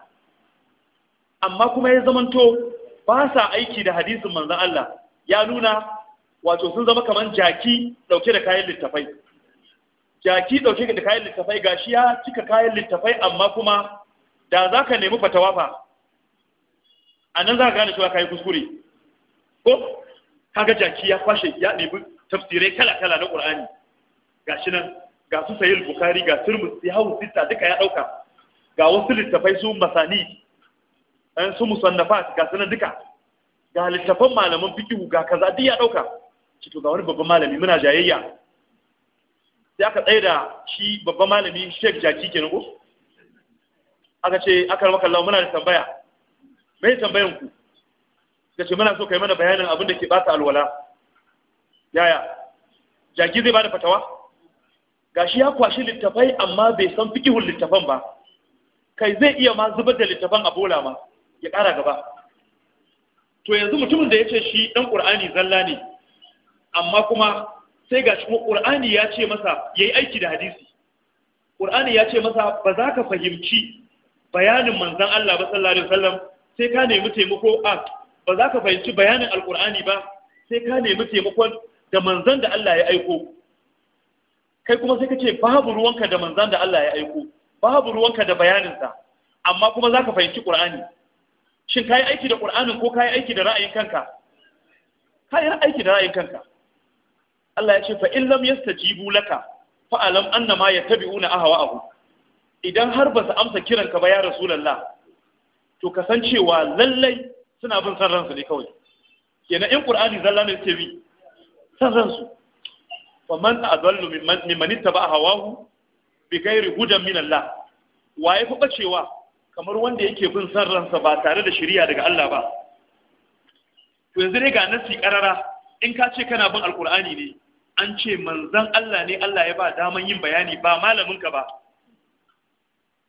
amma kuma ya zamanto ba sa aiki da hadisin manzon Allah ya nuna wato sun zama kamar jaki dauke da kayan littafai jaki dauke da kayan littafai gashi ya cika kayan littafai amma kuma da za ka nemi fatawa fa a nan za ka gane cewa ka kuskure ko kaga jaki ya kwashe ya nemi tafsirai kala-kala na ƙur'ani gashi nan ga su sayil bukhari ga turmus ya hau sita duka ya ɗauka ga wasu littafai su masani eh, su musannafat ga su duka ga littafan malaman fikihu ga kaza duk ya ɗauka ci ga wani babban malami muna jayayya sai aka tsaye da shi babban malami shek Jaki ke ko aka ce aka rama kallon muna da tambaya mai tambayan ku da ce muna so kai mana bayanin abin da ke bata alwala yaya Jaki zai bada fatawa gashi ya kwashi littafai amma bai san fikihun littafan ba kai zai iya ma zubar da littafan a bola ma ya ƙara gaba to yanzu mutumin da ya ce shi ɗan ƙur'ani zalla ne amma kuma sai ga kuma qur'ani ya ce masa yayi aiki da hadisi qur'ani ya ce masa ba za ka fahimci bayanin manzon Allah ba sallallahu alaihi wasallam sai ka nemi taimako a ba za ka fahimci bayanin alqur'ani ba sai ka nemi taimakon da manzon da Allah ya aiko kai kuma sai ka ce babu ruwanka da manzon da Allah ya aiko babu ruwanka da bayaninsa amma kuma za ka fahimci ƙur'ani shin ka yi aiki da ƙur'anin ko ka yi aiki da ra'ayin kanka ka yi aiki da ra'ayin kanka Allah ya ce fa in lam yastajibu laka fa alam annama yattabi'una ahwa'ahum idan har ba su amsa ka ba ya rasulullah to cewa lallai suna bin san ransu ne kawai kenan in qur'ani zalla ne ce bi san ransu fa man adallu mimman ittaba hawahu bi ghairi hudan min Allah waye fa cewa kamar wanda yake bin san ransa ba tare da shari'a daga Allah ba to yanzu dai ga nasi karara in ka ce kana bin alqur'ani ne an ce manzan Allah ne Allah ya ba daman yin bayani ba malaminka ba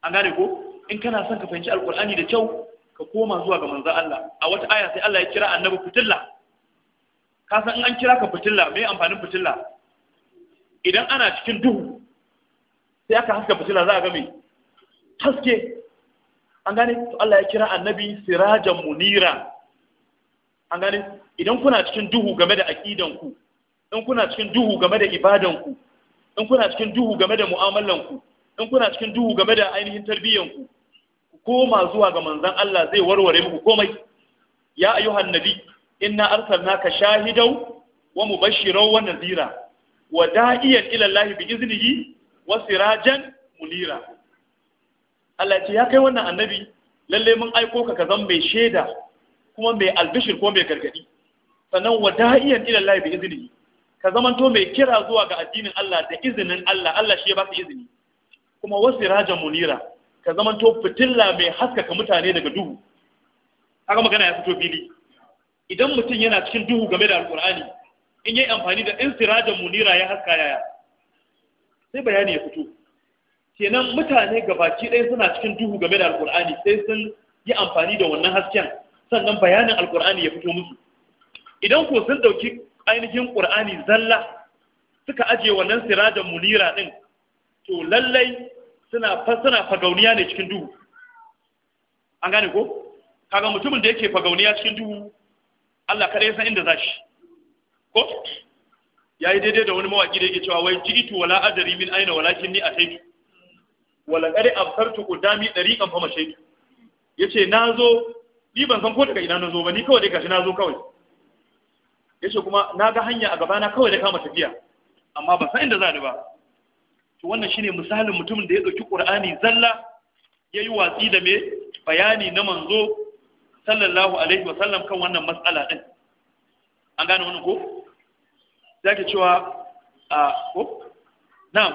an gane ko in kana son ka fahimci alkur'ani da kyau ka koma zuwa ga manzan Allah a wata aya sai Allah ya kira annabi fitilla ka san in an kira ka fitilla me amfanin fitilla idan ana cikin duhu sai aka haska fitilla za a ga me haske an gane to Allah ya kira annabi sirajan munira an gane idan kuna cikin duhu game da aqidan ku in kuna cikin duhu game da ibadanku in kuna cikin duhu game da mu'amalanku in kuna cikin duhu game da ainihin tarbiyyanku ku koma zuwa ga manzon Allah zai warware muku komai ya ayyuhan nabi inna arsalnaka shahidaw wa mubashiran wa nadhira wa da'iyan ila Allah bi iznihi wa sirajan munira Allah ya ce ya kai wannan annabi lalle mun aiko ka ka zama mai shaida kuma mai albishir ko mai gargadi sannan wa da'iyan ila Allah bi iznihi ka zamanto mai kira zuwa ga addinin Allah da izinin Allah Allah shi ya baka izini kuma wasu raja munira ka zamanto fitilla mai haskaka mutane daga duhu haka magana ya fito fili idan mutum yana cikin duhu game da alkur'ani in yi amfani da insirajan munira ya haska yaya sai bayani ya fito kenan mutane gabaki ɗaya suna cikin duhu game da alkur'ani sai sun yi amfani da wannan hasken sannan bayanin alkur'ani ya fito musu idan ko sun ɗauki ainihin ƙur'ani zalla suka aje wannan sirajan munira ɗin to lallai suna fasana fagauniya ne cikin duhu an gane ko kaga mutumin da yake fagauniya cikin duhu Allah kada ya san inda za shi ko yayi daidai da wani mawaki da yake cewa wai jiitu wala adri min aina walakin ni ataitu wala qad absartu qudami dariqan fa mashaitu yace nazo ni ban san ko daga ina nazo ba ni kawai dai gashi nazo kawai yace kuma na ga hanya a gabana kawai da kama tafiya amma ba san inda za ni ba to wannan shine misalin mutumin da ya dauki qur'ani zalla yayi watsi da me bayani na manzo sallallahu alaihi wa sallam kan wannan mas'ala din an gane wannan ko ke cewa a ko na'am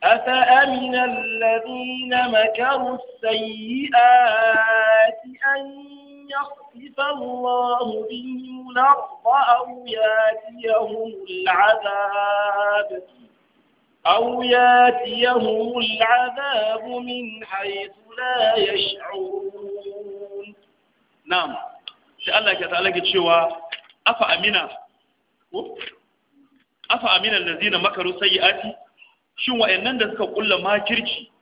أفأمن الذين مكروا السيئات أن يخسف الله بهم الأرض أو ياتيهم العذاب أو ياتيهم العذاب من حيث لا يشعرون نعم الله تعالى كتشوا أفا أمنا أفا أمنا الذين مكروا سيئاتي shin wa'annan da suka kulla makirci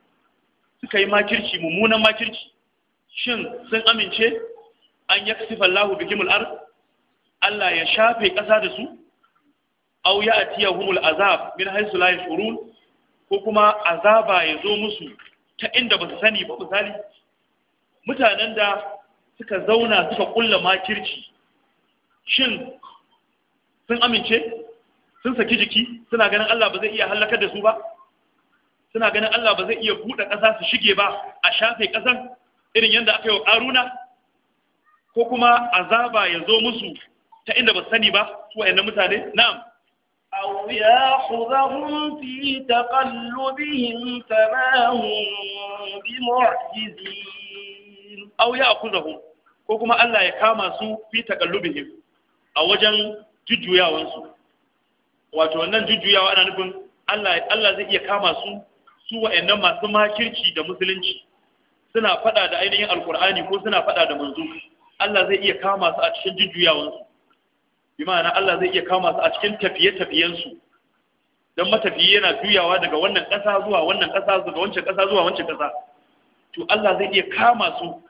suka yi makirci mummunan makirci shin sun amince an yaksifa Allahu bihimul ard Allah ya shafe kasa da su aw ya'tiyahumul azab min haythu la yashurun ko kuma azaba ya zo musu ta inda ba su sani ba misali mutanen da suka zauna suka kulla makirci shin sun amince sun saki jiki suna ganin Allah ba zai iya halakar da su ba suna ganin Allah ba zai iya buɗe ƙasa su shige ba a shafe ƙasan irin yadda aka yi wa ƙaruna ko kuma azaba ya zo musu ta inda ba sani ba su wayannan mutane na'am aw ya'khudhahum fi taqallubihim fama hum bimu'jizin aw ya'khudhahum ko kuma Allah ya kama su fi taqallubihim a wajen jujjuyawan su wato wannan jujjuyawa ana nufin Allah Allah zai iya kama su su wayannan masu makirci da musulunci suna fada da ainihin alkur'ani ko suna fada da manzo Allah zai iya kama su a cikin jujjuyawansu bi ma'ana Allah zai iya kama su a cikin tafiye-tafiyensu don matafiye yana juyawa daga wannan ƙasa zuwa wannan ƙasa daga wancan ƙasa zuwa wancan ƙasa to Allah zai iya kama su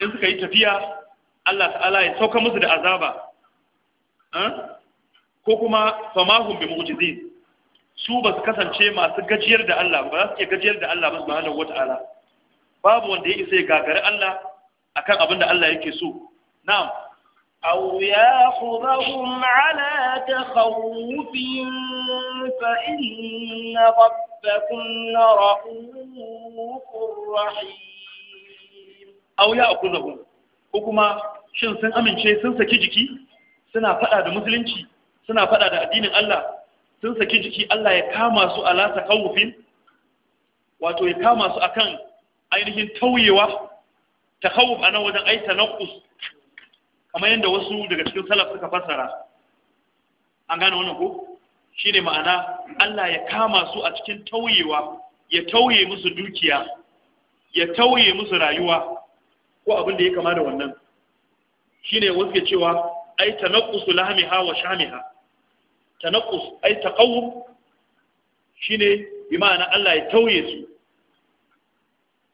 in suka yi tafiya Allah ta'ala ya sauka musu da azaba ko kuma famahun bi mu'jizi, su ba su kasance masu gajiyar da Allah ba za su iya gajiyar da Allah ba subhanahu wata'ala babu wanda ya isa ya gagari Allah akan abin da Allah yake so نعم أو يأخذهم على تخوف فإن ربكم لرؤوف رحيم أو يأخذهم حكما shin sun amince sun saki jiki suna faɗa da musulunci suna faɗa da addinin Allah sun saki jiki Allah ya kama su ala takawufin wato ya kama su akan ainihin tauyewa takawuf a nan wajen ai tanaqqus kamar yadda wasu daga cikin salaf suka fassara an gane wannan ko shine ma'ana Allah ya kama su a cikin tauyewa ya tauye musu dukiya ya tauye musu rayuwa ko abin da ya kama da wannan shine wasu ke cewa ai tanaqqusu lahmiha wa shamiha naƙusu ai taqawwum shine bi ma'ana Allah ya tauye su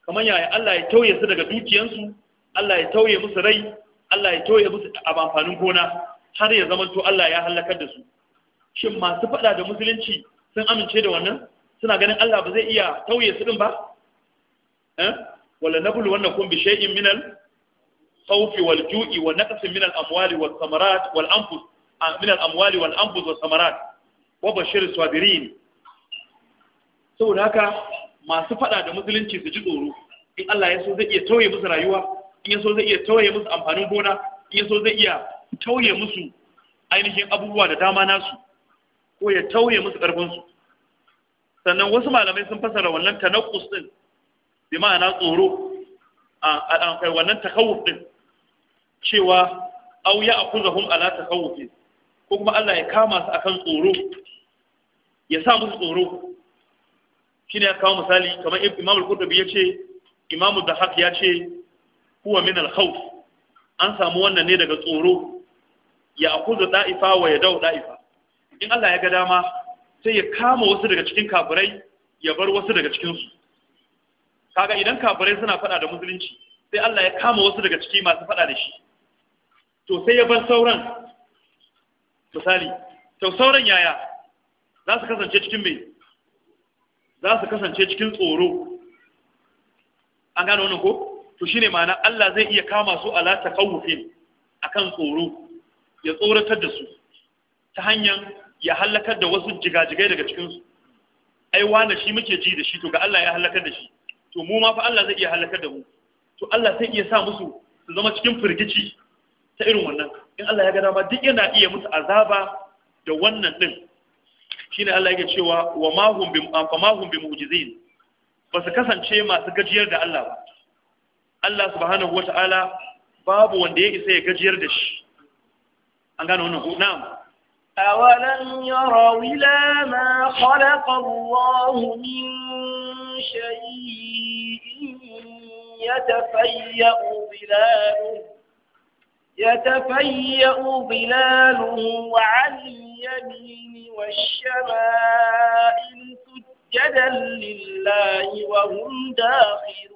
kamar yaya Allah ya tauye su daga dukiyansu Allah ya tauye musu rai Allah ya toye musu amfanin gona har ya zama to Allah ya halakar da su shin masu faɗa da musulunci sun amince da wannan suna ganin Allah ba zai iya tauye su din ba eh wala wannan kun bi shay'in minal khawfi wal ju'i wa naqsi minal amwali wal samarat wal anfus minal amwali wal anfus wal samarat wa bashir sabirin saboda haka masu faɗa da musulunci su ji tsoro in Allah ya so zai iya tauye musu rayuwa in so zai iya tauye musu amfanin gona in so zai iya tauye musu ainihin abubuwa da dama nasu ko ya tauye musu ƙarfinsu sannan wasu malamai sun fasara wannan tanakkus din bi ma'ana tsoro a kai wannan takawuf din cewa au ya akuzahum ala takawuf ko kuma Allah ya kama su akan tsoro ya sa musu tsoro shine ya kawo misali kamar Imam al-Qurtubi yace Imam Dhahak yace huwa min al-khawf an samu wannan ne daga tsoro ya akuzu da'ifa wa ya dau da'ifa in Allah ya ga dama sai ya kama wasu daga cikin kafirai ya bar wasu daga cikin su kaga idan kafirai suna fada da musulunci sai Allah ya kama wasu daga ciki masu fada da shi to sai ya bar sauran misali to sauran yaya za su kasance cikin me, za su kasance cikin tsoro an gano wannan ko to shine ma'ana Allah zai iya kama su ala taqawufin akan tsoro ya tsoratar da su ta hanyar ya halakar da wasu jigajigai daga cikin su ai wani shi muke ji da shi to ga Allah ya halakar da shi to mu ma fa Allah zai iya halakar da mu to Allah sai iya sa musu su zama cikin firgici ta irin wannan in Allah ya ga dama duk yana iya musu azaba da wannan din shine Allah yake cewa wa ma hum bi mu'jizin ba su kasance masu gajiyar da Allah ba Allah subhanahu wata'ala babu wanda ya isa ya gajiyar da shi an gano wannan ko na'am أولم يروا إلى ما خلق الله من شيء يتفيأ ظلاله يتفيأ ظلاله عن اليمين والشمائل سجدا لله وهم داخلون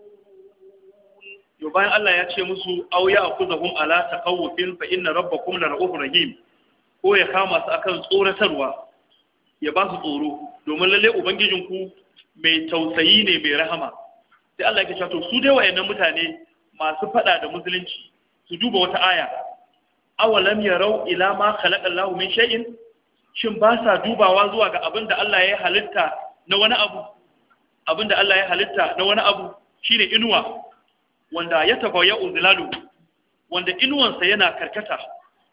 yau bayan Allah ya ce musu a ya akuzahum ala taqawwufin fa inna rabbakum la ra'ufur rahim ko ya kama su akan tsoratarwa ya ba su tsoro domin lalle ku mai tausayi ne mai rahama sai Allah ya ce to su dai wayannan mutane masu fada da musulunci su duba wata aya awalam yarau ila ma khalaqa Allah min shay'in shin ba sa dubawa zuwa ga abin da Allah ya halitta na wani abu abin da Allah ya halitta na wani abu shine inuwa wanda ya ya uzlalu wanda inuwansa yana karkata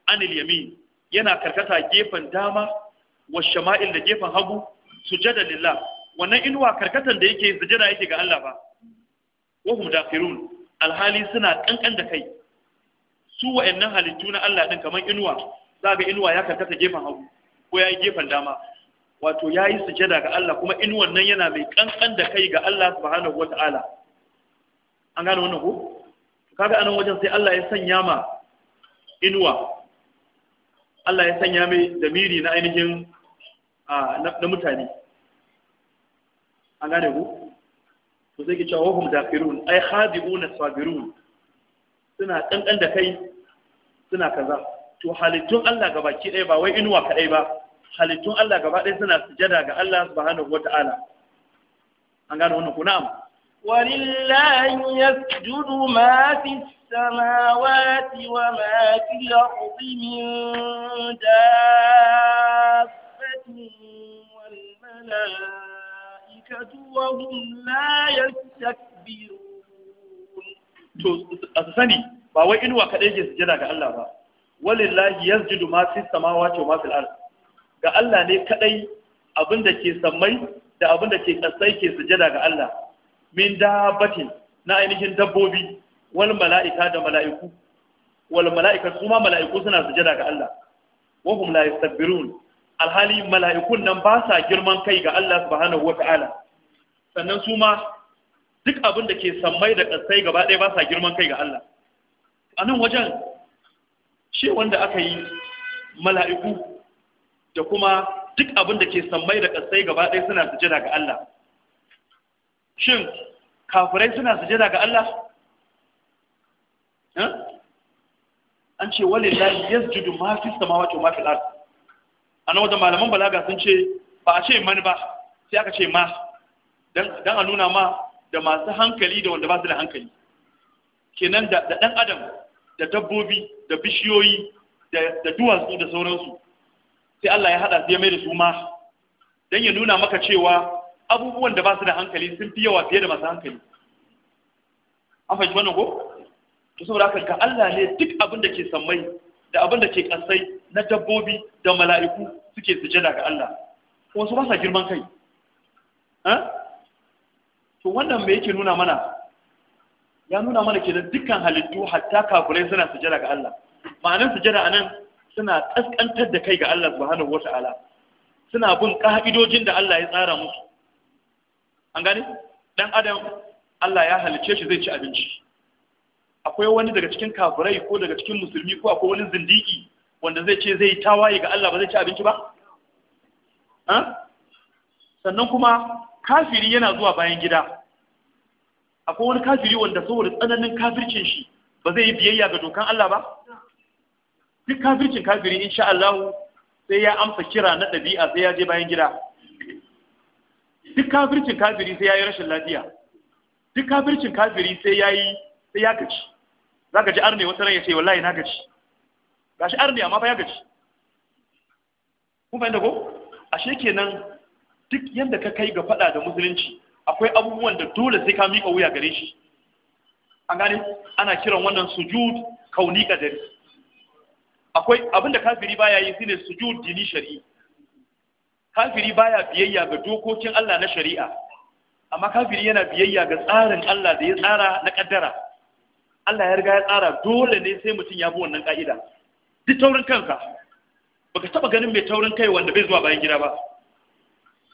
anil yamin yana karkata gefen dama wa shama'il da gefen hagu sujada lillah wannan inuwa karkatan da yake sujada yake ga Allah ba wa hum dakhirun alhali suna kankan da kai su wa'annan halittu na Allah din kamar inuwa zaka inuwa ya karkata gefen hagu ko yayi gefen dama wato yayi sujada ga Allah kuma inuwan nan yana mai kankan da kai ga Allah subhanahu wata'ala an gane wannan ko kaga anan wajen sai Allah ya sanya ma inuwa Allah ya sanya mai damiri na ainihin na mutane an gane ku to sai ki cewa wahum dafirun ai khadi'una sabirun suna kankan da kai suna kaza to halittun Allah gabaki ɗaya ba wai inuwa kaɗai ba halittun Allah gaba ɗaya suna sujada ga Allah subhanahu wata'ala an gane wannan ku na'am ولله يسجد ما في السماوات وما في الأرض من دابة والملائكة وهم لا يستكبرون to a sani ba wai inuwa kaɗai ke sujada ga Allah ba walillahi yasjudu ma fi samawati wa ma fil ard ga Allah ne kaɗai abinda ke sammai da abinda ke ƙasai ke sujada ga Allah min dabbatin na ainihin dabbobi wal mala'ika da mala'iku wal mala'ika kuma mala'iku suna sujada ga Allah wa hum la yastakbirun alhali mala'ikun nan ba sa girman kai ga Allah subhanahu ta'ala sannan su ma duk abin da ke sammai da kasai gaba ɗaya ba sa girman kai ga Allah a nan wajen ce wanda aka yi mala'iku da kuma duk abin da ke sammai da kasai gaba ɗaya suna sujada ga Allah shin kafirai suna sujada ga Allah an ce walillahi yasjudu ma fi sama wato ma lardu a nan wajen malaman balaga sun ce ba a ce mani ba sai aka ce ma dan a nuna ma da masu hankali da wanda ba su da hankali kenan da dan adam da dabbobi da bishiyoyi da duwatsu da sauransu sai Allah ya hada su ya mai da su ma dan ya nuna maka cewa abubuwan da ba su da hankali sun fi yawa fiye da masu hankali an fahimci wannan ko to saboda haka ga Allah ne duk abin da ke sammai da abin da ke kasai na dabbobi da mala'iku suke sujada ga Allah wasu ba sa girman kai to wannan me yake nuna mana ya nuna mana kenan dukkan halittu hatta kafirai suna sujada ga Allah ma'anar sujada a nan suna kaskantar da kai ga Allah subhanahu wata'ala suna bin ka'idojin da Allah ya tsara musu an gane dan adam Allah ya halice shi zai ci abinci akwai wani daga cikin kafirai ko daga cikin musulmi ko akwai wani zindiki wanda zai ce zai tawaye ga Allah ba zai ci abinci ba sannan kuma kafiri yana zuwa bayan gida akwai wani kafiri wanda saboda tsananin kafircin shi ba zai yi biyayya ga dokan Allah ba duk kafircin kafiri insha Allah sai ya amsa kira na ɗabi'a sai ya je bayan gida duk kafircin kafiri sai ya yi rashin lafiya duk kafircin kafiri sai ya yi sai ya gaci za ka ji arne wata ran ya ce wallahi na gaci ga shi arne amma fa ya gaci kun fahimta ko ashe kenan duk yadda ka kai ga faɗa da musulunci akwai abubuwan da dole sai ka miƙa wuya gare shi an gane ana kiran wannan sujud kauni kadari akwai abinda kafiri baya yi shine sujud dini shari'i kafiri baya biyayya ga dokokin Allah na shari'a amma kafiri yana biyayya ga tsarin Allah da ya tsara na kaddara Allah ya riga ya tsara dole ne sai mutum ya bi wannan ka'ida duk taurin kanka baka taba ganin mai taurin kai wanda bai zuwa bayan gida ba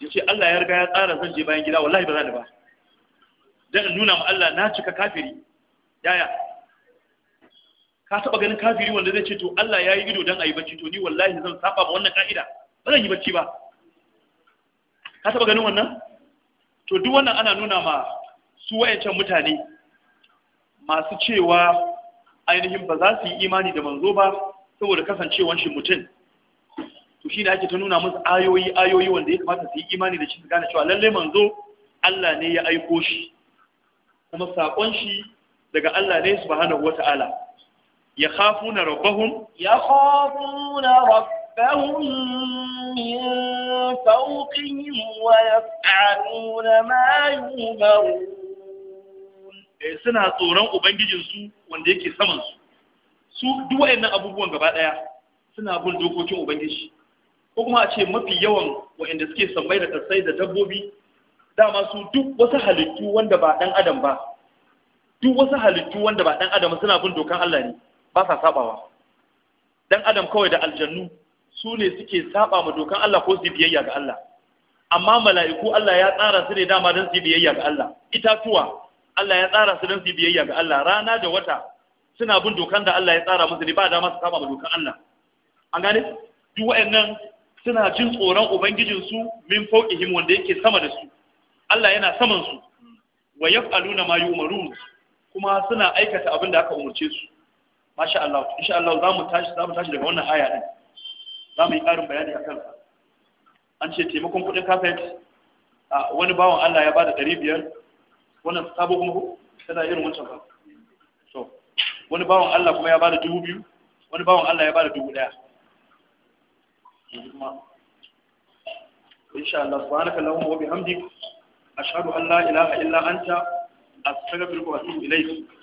yace Allah ya riga ya tsara zan je bayan gida wallahi ba za ni ba dan in nuna ma Allah na cika kafiri yaya ka taba ganin kafiri wanda zai ce to Allah ya yi ido dan ayi bacci to ni wallahi zan saba ba wannan ka'ida ba zan yi bacci ba ka taba ganin wannan to duk wannan ana nuna ma su wayancan mutane masu cewa ainihin ba za su yi imani da manzo ba saboda kasancewan shi mutum to shi shine ake ta nuna musu ayoyi ayoyi wanda ya kamata su yi imani da shi su gane cewa lalle manzo Allah ne ya aiko shi kuma sakon shi daga Allah ne subhanahu wata'ala ya khafuna rabbahum ya khafuna rabbahum ربهم من فوقهم ويفعلون ما يؤمرون eh, suna tsoron ubangijinsu wanda yake saman su duk wa'annan abubuwan gaba daya suna bin dokokin ubangiji ko kuma a ce mafi yawan wa'anda suke sammai da tasai da dabbobi dama su duk wasu halittu wanda ba dan adam ba duk wasu halittu wanda ba dan adam suna bin dokan Allah ne ba sa sabawa dan adam kawai da aljannu su ne suke saba ma dokan Allah ko su biyayya ga Allah amma mala'iku Allah ya tsara su ne dama don su biyayya ga Allah itatuwa Allah ya tsara su don su biyayya ga Allah rana da wata suna bin dokan da Allah ya tsara musu ne ba dama su saba ma dokan Allah an gane duk wayannan suna jin tsoron ubangijin su min fawqihim wanda yake sama da su Allah yana saman su wa yaf'aluna ma yu'marun kuma suna aikata abin da aka umurce su masha Allah insha Allah za mu tashi za mu tashi daga wannan aya din za mu yi ƙarin bayani a kansa an ce taimakon kuɗin kafet a wani bawan Allah ya bada ɗari biyar wannan sabo kuma ko tana irin wancan ba so wani bawan Allah kuma ya bada dubu biyu wani bawan Allah ya bada dubu ɗaya insha Allah subhanaka allahumma wa bihamdik ashhadu an la ilaha illa anta astaghfiruka wa atubu ilayk